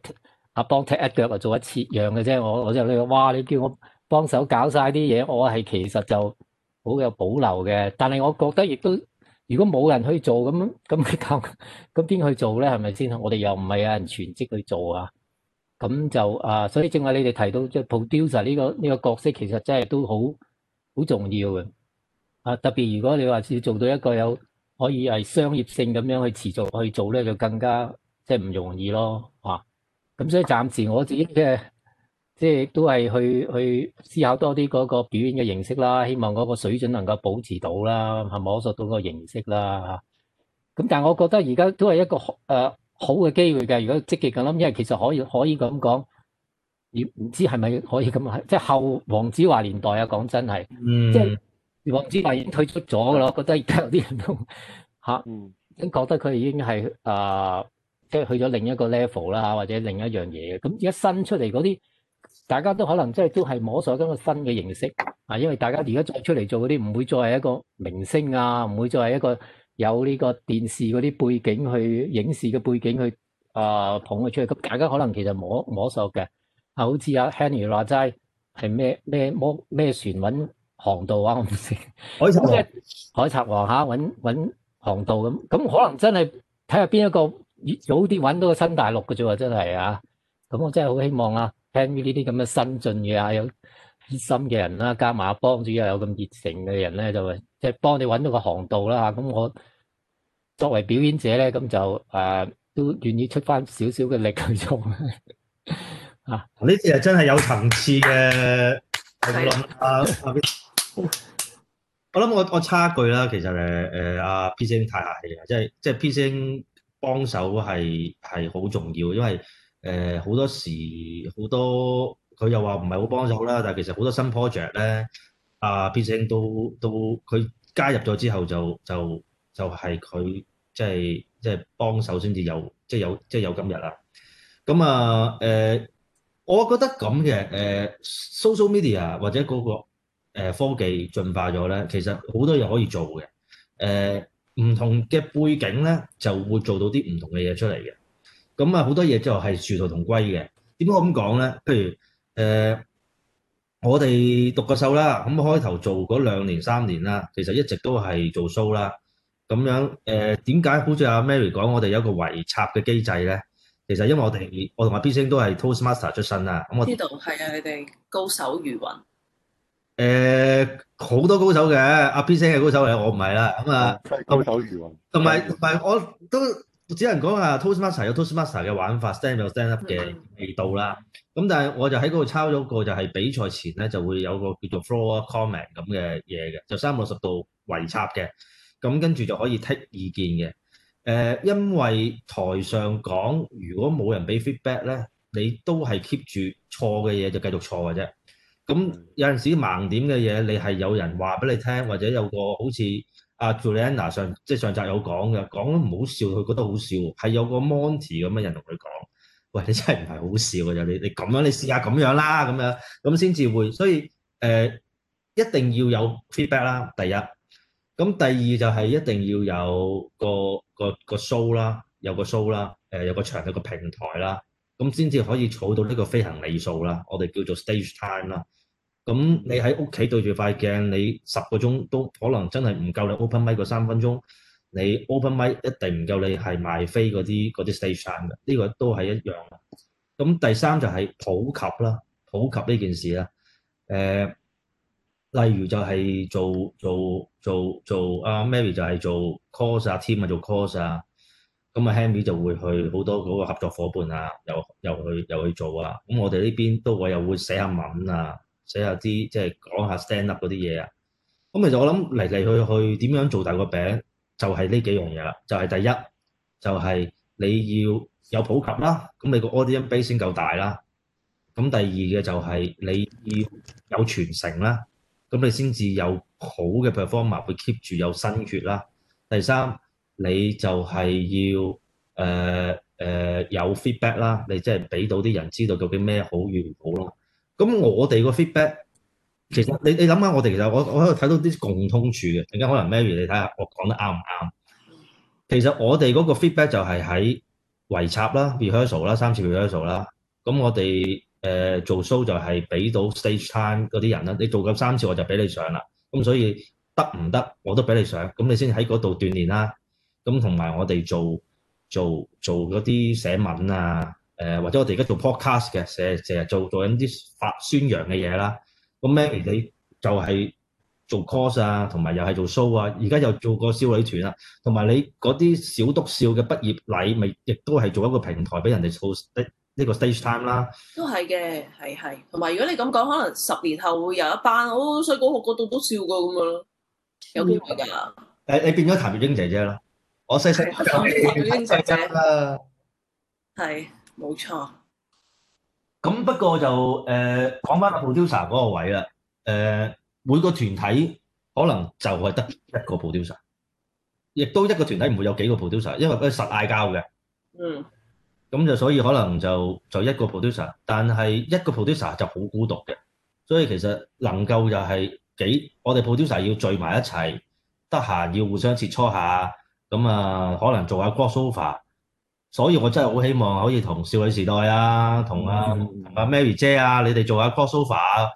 阿邦踢一腳啊做一次樣嘅啫。我我就你、是、話哇，你叫我～幫手搞晒啲嘢，我係其實就好有保留嘅。但係我覺得亦都，如果冇人去做咁咁，咁邊去做咧？係咪先？我哋又唔係有人全職去做啊。咁就啊，所以正話你哋提到即係 producer 呢個呢個角色，其實真係都好好重要嘅。啊，特別如果你話要做到一個有可以係商業性咁樣去持續去做咧，就更加即係唔容易咯。啊，咁所以暫時我自己嘅。即係都係去去思考多啲嗰個表演嘅形式啦，希望嗰個水準能夠保持到啦，係摸索到個形式啦。咁但係我覺得而家都係一個誒、呃、好嘅機會嘅，如果積極咁諗，因為其實可以可以咁講，唔唔知係咪可以咁喺即係後黃子華年代啊？講真係，嗯、即係黃子華已經退出咗嘅咯。我覺得而家有啲人都嚇，啊嗯、已經覺得佢已經係啊，即係去咗另一個 level 啦，或者另一樣嘢咁而家新出嚟嗰啲。大家都可能即係都係摸索緊個新嘅形式啊！因為大家而家再出嚟做嗰啲，唔會再係一個明星啊，唔會再係一個有呢個電視嗰啲背景去影視嘅背景去啊捧佢出嚟。咁大家可能其實摸摸索嘅啊，好似阿 Henry 話齋係咩咩摸咩船揾航道啊，我唔識海賊王海賊王吓，揾揾航道咁咁，可能真係睇下邊一個越早啲揾到個新大陸嘅啫喎，真係啊！咁我真係好希望啊～聽呢啲咁嘅新進嘅啊，有熱心嘅人啦，加埋幫主又有咁熱誠嘅人咧，就即係幫你揾到個航道啦吓。咁我作為表演者咧，咁就誒、呃、都願意出翻少少嘅力去做啊。呢啲係真係有層次嘅我諗我我，我差距啦，其實誒誒、阿、呃、P 星太客氣啦，即係即係 P 星幫手係係好重要，因為。誒好、呃、多時好多，佢又話唔係好幫手啦。但係其實好多新 project 咧，啊變成到到佢加入咗之後就，就就是、就係佢即係即係幫手先至有，即、就、係、是、有即係、就是、有今日啊。咁啊誒，我覺得咁嘅誒 social media 或者嗰、那個、呃、科技進化咗咧，其實好多嘢可以做嘅。誒、呃、唔同嘅背景咧，就會做到啲唔同嘅嘢出嚟嘅。咁啊，好、嗯、多嘢之後就係殊途同歸嘅。點解我咁講咧？譬如誒、呃，我哋獨角秀啦，咁、嗯、開頭做嗰兩年三年啦，其實一直都係做 show 啦。咁樣誒，點、嗯、解、嗯嗯、好似阿 Mary 講，我哋有個圍插嘅機制咧？其實因為我哋，我同阿 B 星都係 Toastmaster 出身啊。咁、嗯、我知道係啊，你哋高手如雲。誒、呃，好多高手嘅。阿 B 星 i 係高手嚟，我唔係啦。咁、嗯、啊，高手如雲。同埋同埋，我都。只能講啊，Toastmaster 有 Toastmaster 嘅玩法，stand 有 stand up 嘅味道啦。咁、嗯嗯嗯、但係我就喺嗰度抄咗個，就係比賽前咧，就會有個叫做 floor comment 咁嘅嘢嘅，就三百六十度圍插嘅。咁、嗯、跟住就可以剔意見嘅。誒、呃，因為台上講，如果冇人俾 feedback 咧，你都係 keep 住錯嘅嘢就繼續錯嘅啫。咁、嗯嗯嗯、有陣時盲點嘅嘢，你係有人話俾你聽，或者有個好似～阿 Juliana 上即係上集有講嘅，講得唔好笑，佢覺得好笑，係有個 Monty 咁嘅人同佢講：喂，你真係唔係好笑㗎咋？你你咁樣，你試下咁樣啦，咁樣咁先至會。所以誒、呃，一定要有 feedback 啦，第一。咁第二就係一定要有個個個 show 啦，有個 show 啦，誒、呃、有個場有個平台啦，咁先至可以儲到呢個飛行里數啦。我哋叫做 stage time 啦。咁、嗯、你喺屋企對住塊鏡，你十個鐘都可能真係唔夠你 open mic 嗰三分鐘，你 open mic 一定唔夠你係賣飛嗰啲啲 stage time 嘅，呢、這個都係一樣。咁、嗯、第三就係普及啦，普及呢件事啦。誒、呃，例如就係做做做做，做啊，Mary 就係做 course 啊，Tim 啊做 course 啊，咁啊，啊 Henry 就會去好多嗰個合作伙伴啊，又又去又去做啊。咁我哋呢邊都我又會寫下文啊。寫下啲即係講下 stand up 嗰啲嘢啊，咁其實我諗嚟嚟去去點樣做大個餅，就係、是、呢幾樣嘢啦。就係、是、第一，就係、是、你要有普及啦，咁你個 audience base 先夠大啦。咁第二嘅就係你要有傳承啦，咁你先至有好嘅 performance、er, 去 keep 住有新血啦。第三，你就係要誒誒、呃呃、有 feedback 啦，你即係俾到啲人知道究竟咩好與唔好囉。咁我哋個 feedback，其實你你諗下，我哋其實我我喺度睇到啲共通處嘅，陣間可能 Mary 你睇下我講得啱唔啱？其實我哋嗰個 feedback 就係喺圍插啦、rehearsal 啦、三次 rehearsal 啦。咁我哋誒、呃、做 show 就係俾到 stage time 嗰啲人啦。你做夠三次我就俾你上啦。咁所以得唔得我都俾你上，咁你先喺嗰度鍛鍊啦。咁同埋我哋做做做嗰啲寫文啊。誒或者我哋而家做 podcast 嘅，成日成日做做緊啲發宣揚嘅嘢啦。咁 Mary，你就係做 course 啊，同埋又係做 show 啊。而家又做個少女團啦、啊，同埋你嗰啲小篤笑嘅畢業禮，咪亦都係做一個平台俾人哋做呢個 stage time 啦、啊。都係嘅，係係。同埋如果你咁講，可能十年後會有一班我細個學過棟篤笑嘅咁樣，有機會㗎。誒、嗯、你變咗譚玉瑛姐姐啦，我細細個嘅。冇錯，咁不過就誒講、呃、翻個 producer 嗰個位啦，誒、呃、每個團體可能就係得一個 producer，亦都一個團體唔會有幾個 producer，因為佢實嗌交嘅。嗯，咁就所以可能就就一個 producer，但係一個 producer 就好孤獨嘅，所以其實能夠就係幾我哋 producer 要聚埋一齊，得閒要互相切磋下，咁啊可能做下 group sofa。所以我真係好希望可以同少女時代啊，同阿啊、嗯、啊 Mary 姐啊，你哋做下、啊、crossover 啊，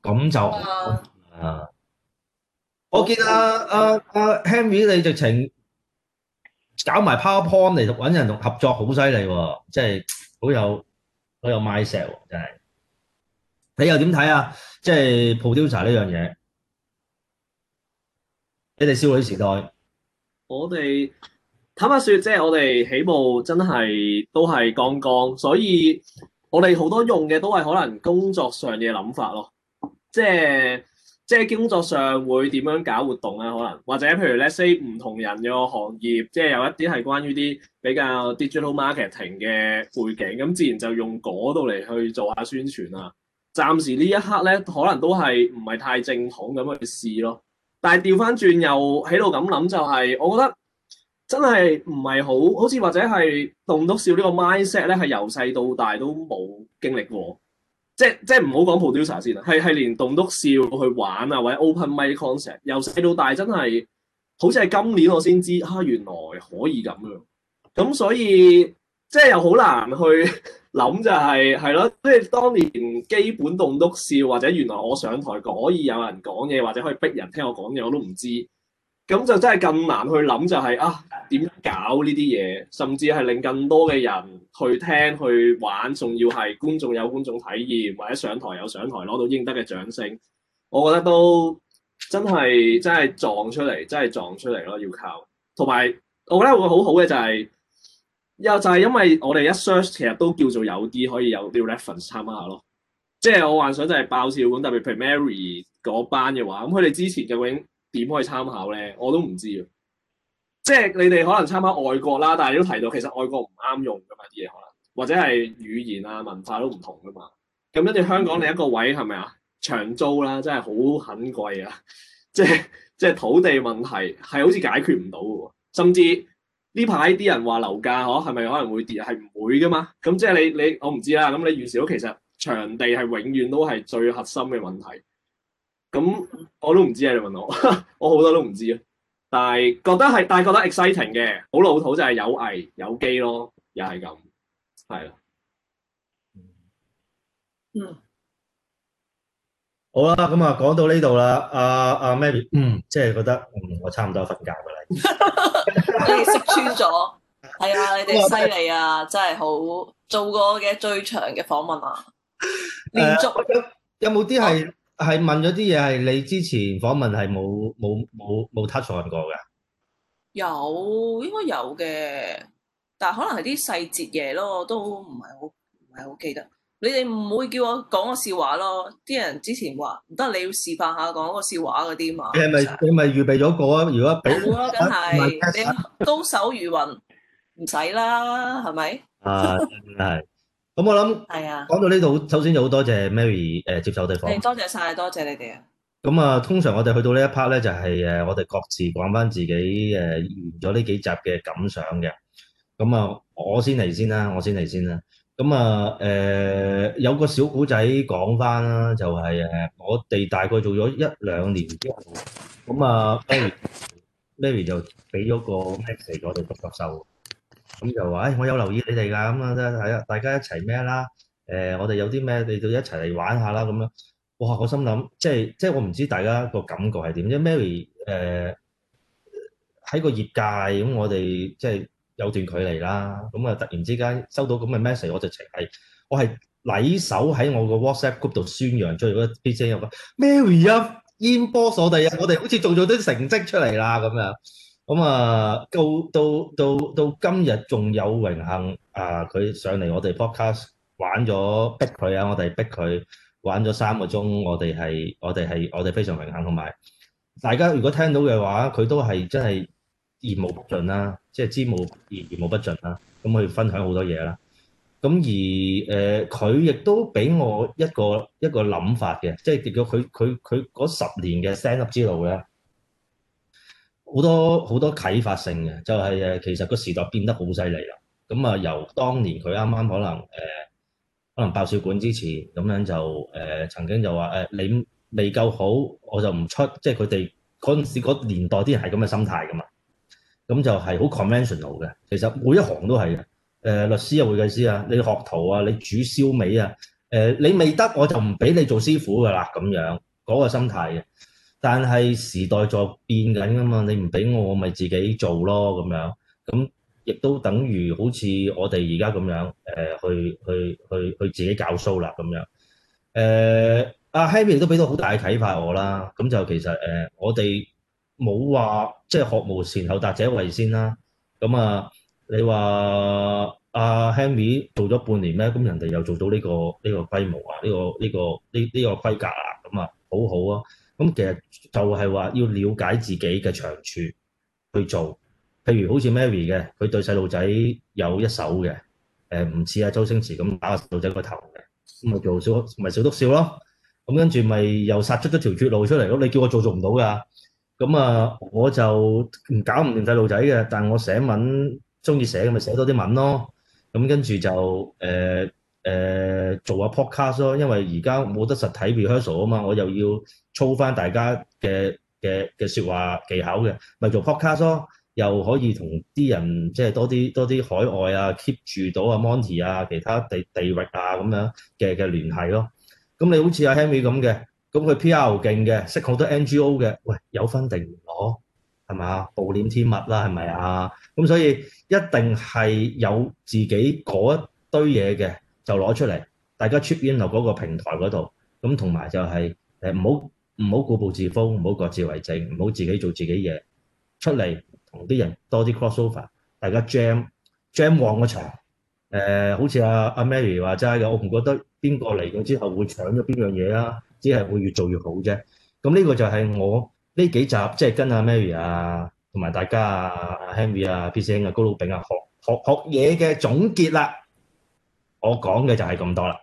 咁就啊， 我見啊啊啊 Henry 你直情搞埋 powerpoint 嚟揾人同合作，好犀利喎，即係好有好有 mindset 喎，真係、啊。你又點睇啊？即係 producer 呢樣嘢？你哋少女時代，我哋。坦白説，即係我哋起步真係都係剛剛，所以我哋好多用嘅都係可能工作上嘅諗法咯，即係即係工作上會點樣搞活動咧，可能或者譬如咧，say 唔同人嘅行業，即係有一啲係關於啲比較 digital marketing 嘅背景，咁自然就用嗰度嚟去做下宣傳啦。暫時呢一刻咧，可能都係唔係太正統咁去試咯。但係掉返轉又喺度咁諗，就係我覺得。真係唔係好好似或者係棟篤笑呢個 mindset 咧，係由細到大都冇經歷過，即係即係唔好講 producer 先啊，係係連棟篤笑去玩啊或者 open mic concept 由細到大真係好似係今年我先知，哈、啊、原來可以咁樣，咁所以即係又好難去諗就係係咯，即係、就係、當年基本棟篤笑或者原來我上台可以有人講嘢或者可以逼人聽我講嘢，我都唔知。咁就真係咁難去諗、就係，就係啊點搞呢啲嘢，甚至係令更多嘅人去聽、去玩，仲要係觀眾有觀眾體驗，或者上台有上台攞到應得嘅掌聲，我覺得都真係真係撞出嚟，真係撞出嚟咯，要靠。同埋我覺得會好好嘅就係、係、又就係、係、因為我哋一 search，其實都叫做有啲可以有啲 reference 參考下咯。即、就、係、係、我幻想就係爆笑咁，特別譬如 Mary 嗰班嘅話，咁佢哋之前就永。點可以參考咧？我都唔知啊！即係你哋可能參考外國啦，但係都提到其實外國唔啱用噶嘛啲嘢，可能或者係語言啊、文化都唔同噶嘛。咁跟住香港另一個位係咪啊？長租啦，真係好很貴啊！即係即係土地問題係好似解決唔到嘅喎。甚至呢排啲人話樓價可係咪可能會跌？係唔會噶嘛？咁即係你你我唔知啦。咁你預示到其實場地係永遠都係最核心嘅問題。咁我都唔知啊！你問我，我好多都唔知啊。但係覺得係，但係覺得 exciting 嘅，好老土就係有危有機咯，又係咁，係啦、嗯，嗯，好啦，咁啊，講到呢度啦，阿阿 Mary，嗯，即、就、係、是、覺得、嗯、我差唔多瞓覺噶啦，你哋識穿咗，係啊，你哋犀利啊，真係好，做過嘅最長嘅訪問啊，連續、呃、有冇啲係？有係問咗啲嘢，係你之前訪問係冇冇冇冇 touch on 過嘅，有應該有嘅，但係可能係啲細節嘢咯，都唔係好唔係好記得。你哋唔會叫我講個笑話咯，啲人之前話唔得，你要示範下講個笑話嗰啲嘛。你係咪你咪預備咗個？如果俾，好梗係你高手如雲，唔使啦，係咪？ 啊，真係。咁、嗯、我諗，係啊，講到呢度，首先就好、呃、多謝 Mary 誒接受我哋訪問。多謝晒，多謝你哋啊。咁啊、嗯，通常我哋去到一呢一 part 咧，就係誒，我哋各自講翻自己誒、呃、完咗呢幾集嘅感想嘅。咁、嗯、啊，我先嚟先啦，我先嚟先啦。咁、嗯、啊，誒、呃、有個小古仔講翻啦，就係、是、誒我哋大概做咗一兩年之後，咁、嗯、 啊，Mary，Mary Mary 就俾咗個 m a x i 我哋獨角秀。 咁就話，誒、哎，我有留意你哋㗎，咁啊，即係啊，大家一齊咩啦？誒，我哋有啲咩，你哋一齊嚟玩下啦，咁樣。哇！我心諗，即係即係，我唔知大家個感覺係點。即係 Mary 誒、呃，喺個業界咁，我哋即係有段距離啦。咁啊，突然之間收到咁嘅 message，我就直係，我係攏手喺我個 WhatsApp group 度宣揚出，追嗰啲 f r i e Mary 啊，煙波所哋啊，我哋好似做咗啲成績出嚟啦，咁樣。咁啊、嗯，到到到到今日仲有榮幸啊！佢上嚟我哋 podcast 玩咗逼佢啊，我哋逼佢玩咗三個鐘，我哋係我哋係我哋非常榮幸，同埋大家如果聽到嘅話，佢都係真係言無不盡啦，即係知無言言無不盡啦。咁、就、佢、是嗯、分享好多嘢啦。咁、嗯、而誒，佢、呃、亦都俾我一個一個諗法嘅，即係如果佢佢佢十年嘅 stand up 之路咧。好多好多啟發性嘅，就係誒，其實個時代變得好犀利啦。咁啊，由當年佢啱啱可能誒、呃，可能爆笑館之前咁樣就誒、呃，曾經就話誒、呃，你未夠好，我就唔出，即係佢哋嗰陣時嗰年代啲人係咁嘅心態噶嘛。咁就係好 conventional 嘅，其實每一行都係嘅。誒、呃，律師啊，會計師啊，你學徒啊，你煮燒味啊，誒、呃，你未得我就唔俾你做師傅噶啦，咁樣嗰、那個心態嘅。但係時代在變緊㗎嘛，你唔俾我，咪自己做咯咁樣，咁亦都等於好似我哋而家咁樣，誒、呃、去去去去自己搞 show 啦咁樣。誒、呃，阿 Henry 都俾到好大嘅啟發我啦，咁就其實誒、呃，我哋冇話即係學無前後達者為先啦。咁啊，你話阿 Henry 做咗半年咩？咁人哋又做到呢個呢個規模啊，呢個呢個呢呢個規格啊，咁啊，好好啊！咁其實就係話要了解自己嘅長處去做，譬如好似 Mary 嘅，佢對細路仔有一手嘅，誒唔似阿周星馳咁打個細路仔個頭嘅，咁咪做少咪少棟篤笑咯，咁跟住咪又殺出咗條血路出嚟咯，你叫我做做唔到㗎，咁、嗯、啊我就唔搞唔掂細路仔嘅，但係我寫文鍾意寫咁咪寫多啲文咯，咁跟住就誒。呃誒、呃、做下 podcast 因為而家冇得實體 rehearsal 啊嘛，我又要操翻大家嘅嘅嘅説話技巧嘅，咪做 podcast 咯，又可以同啲人即係多啲多啲海外啊 keep 住到啊 Monty 啊其他地地域啊咁樣嘅嘅聯繫咯。咁你好似阿 Henry 咁嘅，咁佢 PR 勁嘅，識好多 NGO 嘅，喂有分定攞係咪啊？暴殄天物啦，係咪啊？咁所以一定係有自己嗰一堆嘢嘅。就攞出嚟，大家出 input 落嗰個平台嗰度，咁同埋就係誒唔好唔好固步自封，唔好各自為政，唔好自己做自己嘢，出嚟同啲人多啲 cross over，大家 jam jam 旺個場。誒好似阿阿 Mary 話齋嘅，我唔覺得邊個嚟咗之後會搶咗邊樣嘢啊，只係會越做越好啫。咁呢個就係我呢幾集即係、就是、跟阿 Mary 啊，同埋大家啊阿 Henry 啊 Peter 啊高佬炳啊學學學嘢嘅總結啦。我講嘅就係咁多啦。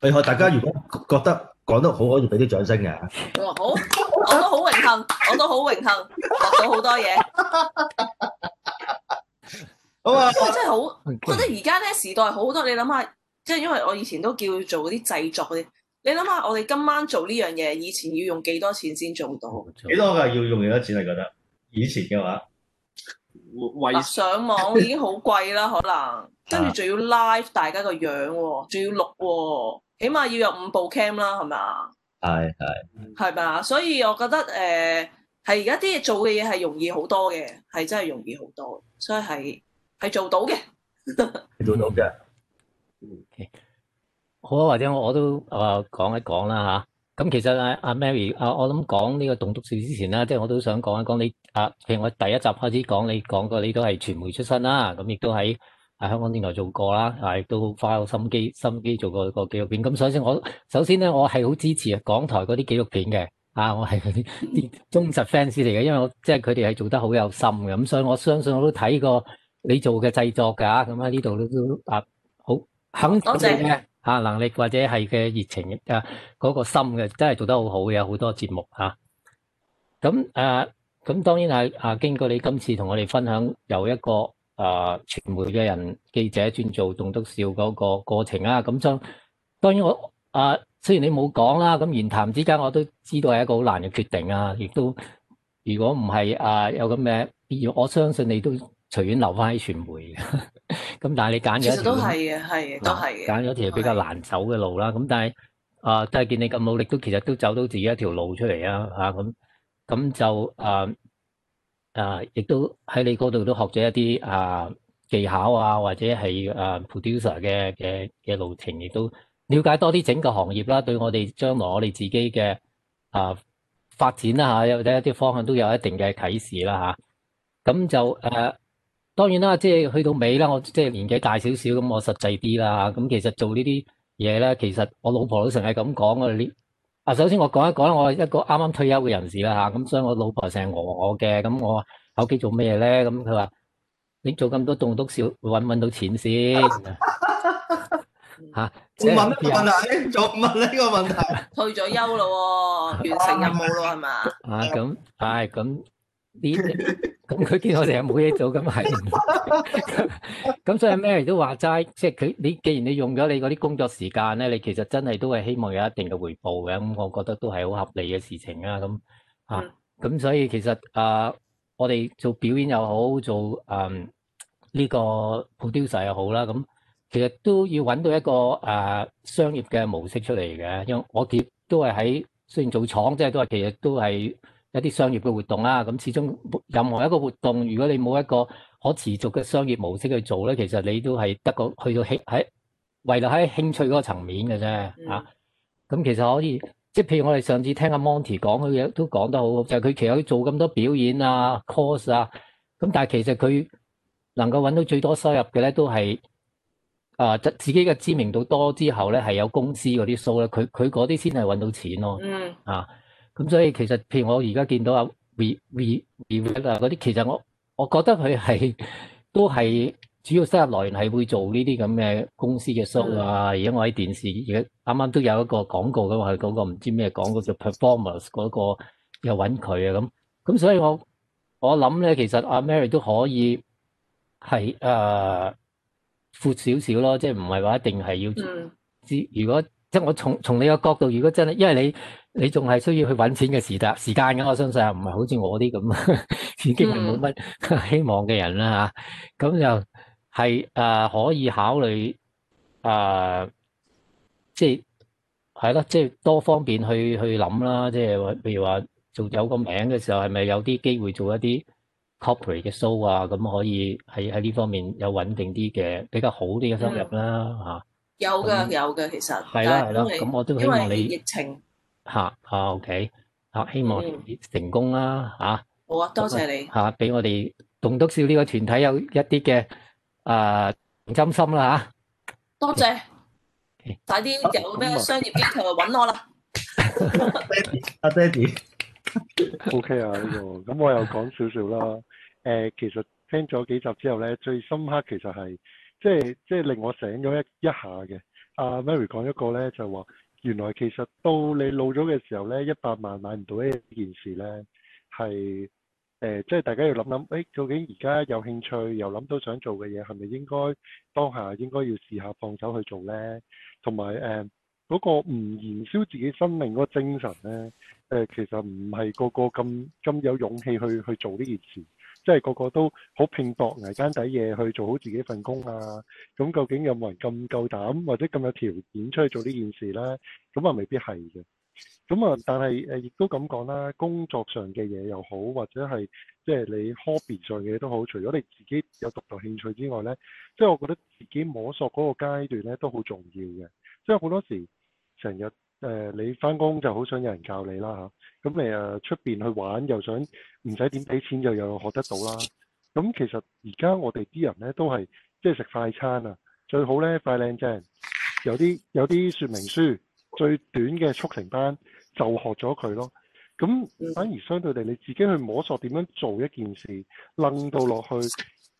另外，大家如果覺得講得好，可以俾啲掌聲嘅。好，好，好，好榮幸，我都好榮幸，學到好多嘢。好啊！因為真係好，我覺得而家咧時代好多，你諗下，即係因為我以前都叫做啲製作嗰啲。你諗下，我哋今晚做呢樣嘢，以前要用幾多錢先做到？幾多㗎？要用幾多錢？你覺得以前嘅話，上網已經好貴啦，可能。跟住仲要 live 大家個樣喎、哦，仲要錄喎、哦，起碼要有五部 cam 啦，係咪啊？係係係嘛，所以我覺得誒係而家啲嘢做嘅嘢係容易好多嘅，係真係容易好多，所以係係做到嘅，係做到嘅。好啊，或者我我都啊、呃、講一講啦嚇。咁、啊、其實阿阿、啊、Mary 啊，我諗講呢個棟篤笑之前啦，即係我都想講一講你啊，譬如我第一集開始講你講過，你都係傳媒出身啦，咁、啊、亦都喺。喺香港電台做過啦，啊，亦都花好心機，心機做過個紀錄片。咁首先我首先咧，我係好支持港台嗰啲紀錄片嘅，啊，我係啲忠實 fans 嚟嘅，因為我即係佢哋係做得好有心嘅。咁所以我相信我都睇過你做嘅製作嘅。咁喺呢度都都啊好，這這肯多謝嘅啊能力或者係嘅熱情啊嗰個心嘅，真係做得好好嘅，有好多節目啊。咁誒，咁當然係啊，經過你今次同我哋分享有一個。啊！傳媒嘅人、記者專做棟篤笑嗰個過程啊，咁就當然我啊，雖然你冇講啦，咁言談之間我都知道係一個好難嘅決定啊，亦都如果唔係啊，有咁嘅必要，我相信你都隨緣留翻喺傳媒嘅。咁但係你揀咗，其實都係嘅，係嘅，都係嘅。揀咗條比較難走嘅路啦，咁但係啊，但係見你咁努力，都其實都走到自己一條路出嚟啊！啊，咁咁就啊。啊，亦都喺你嗰度都學咗一啲啊技巧啊，或者係啊、uh, producer 嘅嘅嘅路程，亦都了解多啲整個行業啦。對我哋將來我哋自己嘅啊發展啦、啊、吓，或者一啲方向都有一定嘅啟示啦、啊、吓。咁、啊、就誒、啊，當然啦，即係去到尾啦，我即係年紀大少少，咁我實際啲啦咁、啊、其實做呢啲嘢咧，其實我老婆都成日咁講啊呢。啊，首先我講一講啦，我一個啱啱退休嘅人士啦吓，咁所以我老婆成日餓我嘅，咁我喺屋企做咩咧？咁佢話你做咁多棟篤笑，會搵唔搵到錢先？吓 、啊，問乜問題？做問呢個問題？問問題退咗休咯，完成任務咯，係嘛 吧？啊，咁係咁。呢咁佢見我哋又冇嘢做，咁係，咁所以 Mary 都話齋，即係佢你既然你用咗你嗰啲工作時間咧，你其實真係都係希望有一定嘅回報嘅，咁我覺得都係好合理嘅事情啊，咁啊，咁所以其實啊，我哋做表演又好，做啊呢個 producer 又好啦，咁其實都要揾到一個誒商業嘅模式出嚟嘅，因為我哋都係喺雖然做廠，即係都係其實都係。一啲商業嘅活動啦，咁始終任何一個活動，如果你冇一個可持續嘅商業模式去做咧，其實你都係得個去到興喺圍喺興趣嗰個層面嘅啫嚇。咁、嗯啊、其實可以，即係譬如我哋上次聽阿 Monty 講，佢都講得好好，就係、是、佢其實做咁多表演啊、course 啊，咁但係其實佢能夠揾到最多收入嘅咧，都係啊，自己嘅知名度多之後咧，係有公司嗰啲 show 咧，佢佢嗰啲先係揾到錢咯，啊。嗯啊咁所以其實，譬如我而家見到阿 We We We 啊嗰啲，其實我我覺得佢係都係主要收入來源係會做呢啲咁嘅公司嘅 show 啊。而家我喺電視，而家啱啱都有一個廣告嘅話，嗰個唔知咩廣告，做 performance 嗰個又揾佢啊咁。咁所以我我諗咧，其實阿 Mary 都可以係誒、uh, 闊少少咯，即係唔係話一定係要知。Mm. 如果即係我從從你嘅角度，如果真係因為你。你仲係需要去揾錢嘅時間時間嘅，我相信唔係好似我啲咁， 已經係冇乜希望嘅人啦嚇。咁、嗯、就係誒、呃、可以考慮誒、呃，即係係咯，即係多方面去去諗啦。即係譬如話做有個名嘅時候，係咪有啲機會做一啲 corporate 嘅 show 啊？咁可以喺喺呢方面有穩定啲嘅比較好啲嘅收入啦嚇、嗯。有嘅、啊、有嘅，其實係咯係咯，咁的我都希望你疫情。吓啊、uh,，OK 吓、uh,，希望成功啦吓。好、uh, 啊、嗯，uh, 多謝你吓，俾、uh, 我哋棟篤笑呢個團體有一啲嘅誒真心啦吓。Uh. 多謝。快啲 Okay.、uh, 有咩商業機構嚟搵我啦。阿爹哋。OK 啊，呢、這個咁我又講少少啦。誒、呃，其實聽咗幾集之後咧，最深刻其實係即係即係令我醒咗一一下嘅。阿、uh, Mary 講一個咧，就話。原來其實到你老咗嘅時候呢，一百萬買唔到呢件事呢，係即係大家要諗諗，誒究竟而家有興趣又諗到想做嘅嘢，係咪應該當下應該要試下放手去做呢？同埋誒嗰個唔燃燒自己生命嗰個精神呢，誒、呃、其實唔係個個咁咁有勇氣去去做呢件事。即係個個都好拼搏、捱更抵夜去做好自己份工啊！咁究竟有冇人咁夠膽或者咁有條件出去做呢件事呢？咁啊，未必係嘅。咁啊，但係誒，亦都咁講啦。工作上嘅嘢又好，或者係即係你 hobby 上嘅嘢都好，除咗你自己有獨特興趣之外呢，即係我覺得自己摸索嗰個階段呢都好重要嘅。即係好多時成日。誒你翻工就好想有人教你啦嚇，咁你誒出邊去玩又想唔使點俾錢又又學得到啦。咁其實而家我哋啲人呢，都係即係食快餐啊，最好呢快靚正，有啲有啲説明書，最短嘅速成班就學咗佢咯。咁反而相對地你自己去摸索點樣做一件事，楞到落去，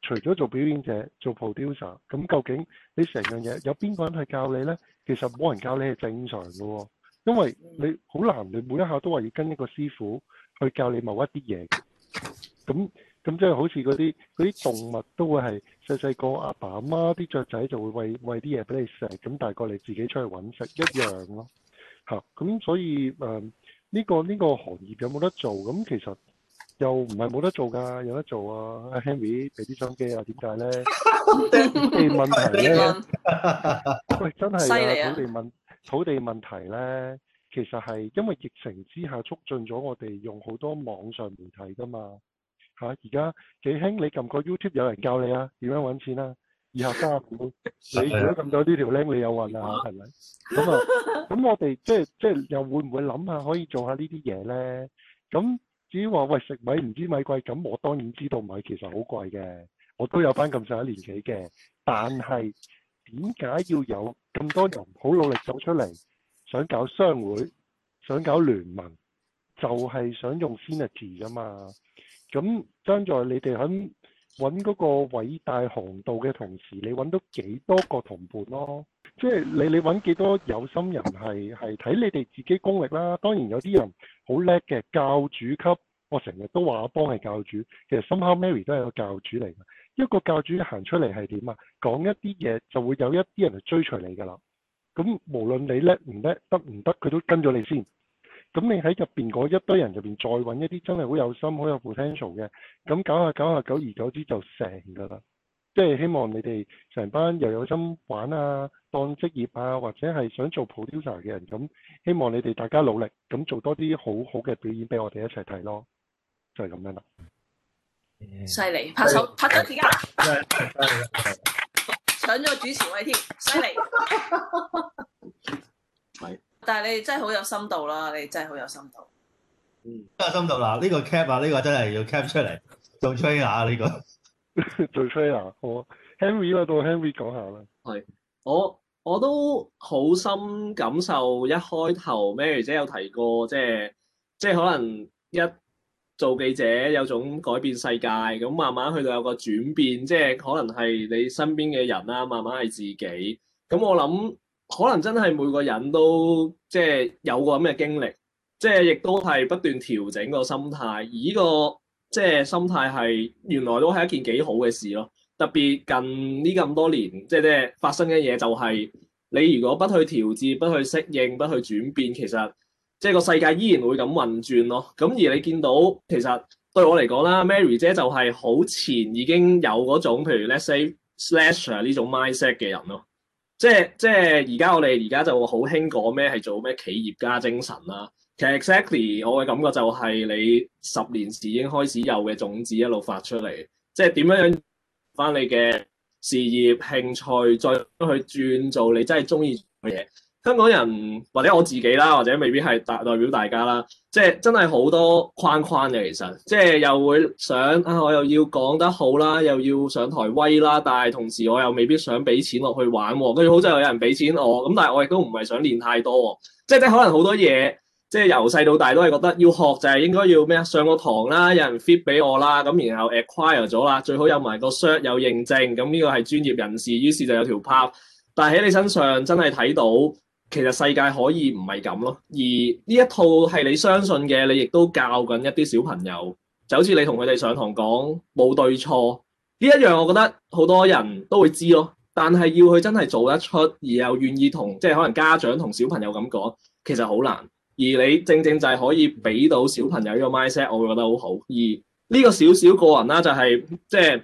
除咗做表演者、做 producer，咁究竟你成樣嘢有邊個人去教你呢？其實冇人教你係正常嘅喎、哦，因為你好難，你每一下都話要跟一個師傅去教你某一啲嘢嘅。咁咁即係好似嗰啲啲動物都會係細細個，阿爸阿媽啲雀仔就會餵餵啲嘢俾你食，咁大個你自己出去揾食一樣咯、哦。嚇，咁所以誒呢、嗯呢個呢、呢個行業有冇得做？咁其實。又唔係冇得做噶，有得做啊！Henry 俾啲相機啊，點解咧？土地問題咧，喂，真係啊，土地問土地問題咧，其實係因為疫情之下，促進咗我哋用好多網上媒體噶嘛。吓、啊，而家幾興，你撳個 YouTube 有人教你啊，點樣搵錢啊？以下三十五， 你如果撳到呢條僆，你有運啊？係咪？咁啊，咁我哋即係即係，又會唔會諗下可以做下呢啲嘢咧？咁。至於話喂食米唔知米貴，咁我當然知道米其實好貴嘅，我都有翻咁上一年紀嘅。但係點解要有咁多人好努力走出嚟，想搞商會，想搞聯盟，就係、是、想用 synergy 㗎嘛？咁將在你哋揾嗰個偉大航道嘅同時，你揾到幾多個同伴咯？即係你你揾幾多有心人係係睇你哋自己功力啦。當然有啲人好叻嘅教主級，我成日都話我幫係教主。其實 Somehow Mary 都係個教主嚟嘅，一個教主行出嚟係點啊？講一啲嘢就會有一啲人去追隨你㗎啦。咁無論你叻唔叻，得唔得，佢都跟咗你先。咁你喺入邊嗰一堆人入邊再揾一啲真係好有心、好有 potential 嘅，咁搞下搞下久而久之就成㗎啦。即係希望你哋成班又有心玩啊，當職業啊，或者係想做 producer 嘅人，咁希望你哋大家努力，咁做多啲好好嘅表演俾我哋一齊睇咯，就係、是、咁樣啦。犀利，拍手以拍多啲啊！搶咗主持位添，犀利。係。 但係你哋真係好有深度啦，你真係好有深度。嗯，真係深度嗱，呢、這個 cap 啊，呢個真係要 cap 出嚟做、這個、吹 r 啊，呢、這個。 做吹 r 好啊，Henry 啊，到 Henry 講下啦。係我我都好深感受，一開頭咩，如姐有提過，即係即係可能一做記者有種改變世界，咁慢慢去到有個轉變，即、就、係、是、可能係你身邊嘅人啦，慢慢係自己。咁我諗可能真係每個人都即係有個咁嘅經歷，即係亦都係不斷調整個心態，而呢、這個。即係心態係原來都係一件幾好嘅事咯，特別近呢咁多年，即係即係發生嘅嘢就係、是、你如果不去調節、不去適應、不去轉變，其實即係個世界依然會咁運轉咯。咁而你見到其實對我嚟講啦，Mary 姐就係好前已經有嗰種譬如 let's say slasher 呢種 mindset 嘅人咯。即係即係而家我哋而家就話好興講咩係做咩企業家精神啦、啊。其實 Exactly，我嘅感覺就係你十年時已經開始有嘅種子一路發出嚟，即係點樣樣翻你嘅事業興趣，再去轉做你真係中意嘅嘢。香港人或者我自己啦，或者未必係大代表大家啦，即係真係好多框框嘅。其實即係又會想啊，我又要講得好啦，又要上台威啦，但係同時我又未必想俾錢落去玩喎、啊。跟住好在有人俾錢我，咁但係我亦都唔係想練太多、啊，即係即係可能好多嘢。即係由細到大都係覺得要學就係應該要咩啊？上個堂啦，有人 fit 俾我啦，咁然後 acquire 咗啦，最好有埋個 share 有認證，咁呢個係專業人士。於是就有條 pop，但喺你身上真係睇到，其實世界可以唔係咁咯。而呢一套係你相信嘅，你亦都教緊一啲小朋友，就好似你同佢哋上堂講冇對錯呢一樣，我覺得好多人都會知咯。但係要佢真係做得出，而又願意同即係可能家長同小朋友咁講，其實好難。而你正正就係可以俾到小朋友呢個 mindset，我會覺得好好。而呢個少少個人啦、啊，就係、是、即係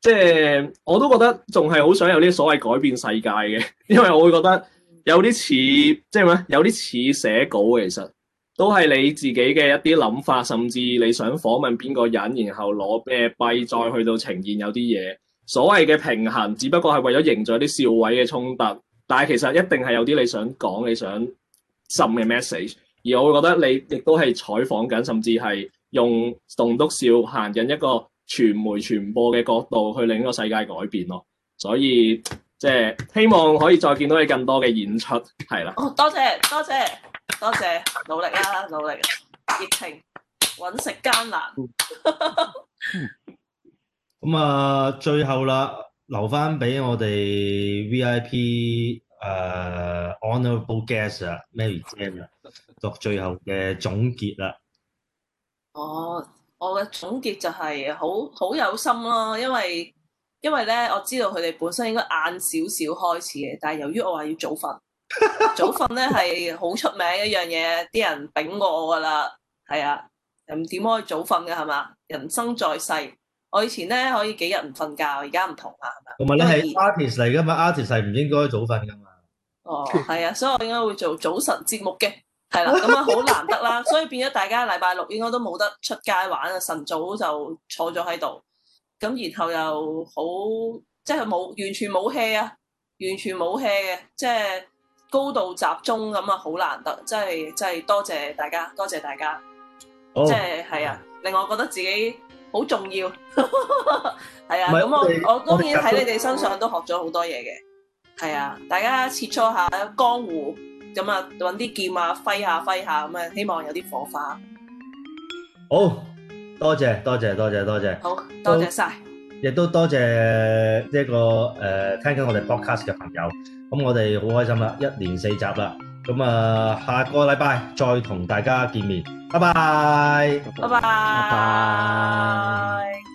即係我都覺得仲係好想有啲所謂改變世界嘅，因為我會覺得有啲似即係咩？有啲似寫稿，其實都係你自己嘅一啲諗法，甚至你想訪問邊個人，然後攞咩幣再去到呈現有啲嘢。所謂嘅平衡，只不過係為咗營造啲笑位嘅衝突，但係其實一定係有啲你想講、你想滲嘅 message。而我會覺得你亦都係採訪緊，甚至係用棟篤笑行緊一個傳媒傳播嘅角度去令呢個世界改變咯。所以即係希望可以再見到你更多嘅演出，係啦。哦，多謝多謝多謝，努力啊，努力，啊努力啊！疫情揾食艱難。咁 啊、嗯嗯，最後啦，留翻俾我哋 VIP 誒、uh, Honorable Guest 啊，Mary Jane 作最後嘅總結啦。Oh, 我我嘅總結就係、是、好好有心啦，因為因為咧我知道佢哋本身應該晏少少開始嘅，但係由於我話要早瞓，早瞓咧係好出名一樣嘢，啲 人頂我噶啦，係啊，又唔點可以早瞓噶係嘛？人生在世，我以前咧可以幾日唔瞓覺，而家唔同啦。同埋啦，係 artist 嚟噶嘛？artist 唔應該早瞓噶嘛？哦為，係、 oh, 啊，所以我應該會做早晨節目嘅。係啦，咁啊好難得啦，所以變咗大家禮拜六應該都冇得出街玩啊，晨早就坐咗喺度，咁然後又好即係冇完全冇 hea 啊，完全冇 hea 嘅，即係高度集中咁啊好難得，即係真係多謝大家，多謝大家，即係係啊，令我覺得自己好重要，係啊，咁我我當然喺你哋身上都學咗好多嘢嘅，係啊，大家切磋下江湖。咁啊，揾啲劍啊，揮下揮下咁啊，希望有啲火花。好，多謝多謝多謝多謝，好多謝曬。亦都多謝呢、這個誒、呃、聽緊我哋 podcast 嘅朋友。咁我哋好開心啦，一年四集啦。咁啊、呃，下個禮拜再同大家見面。拜拜，拜拜，拜拜。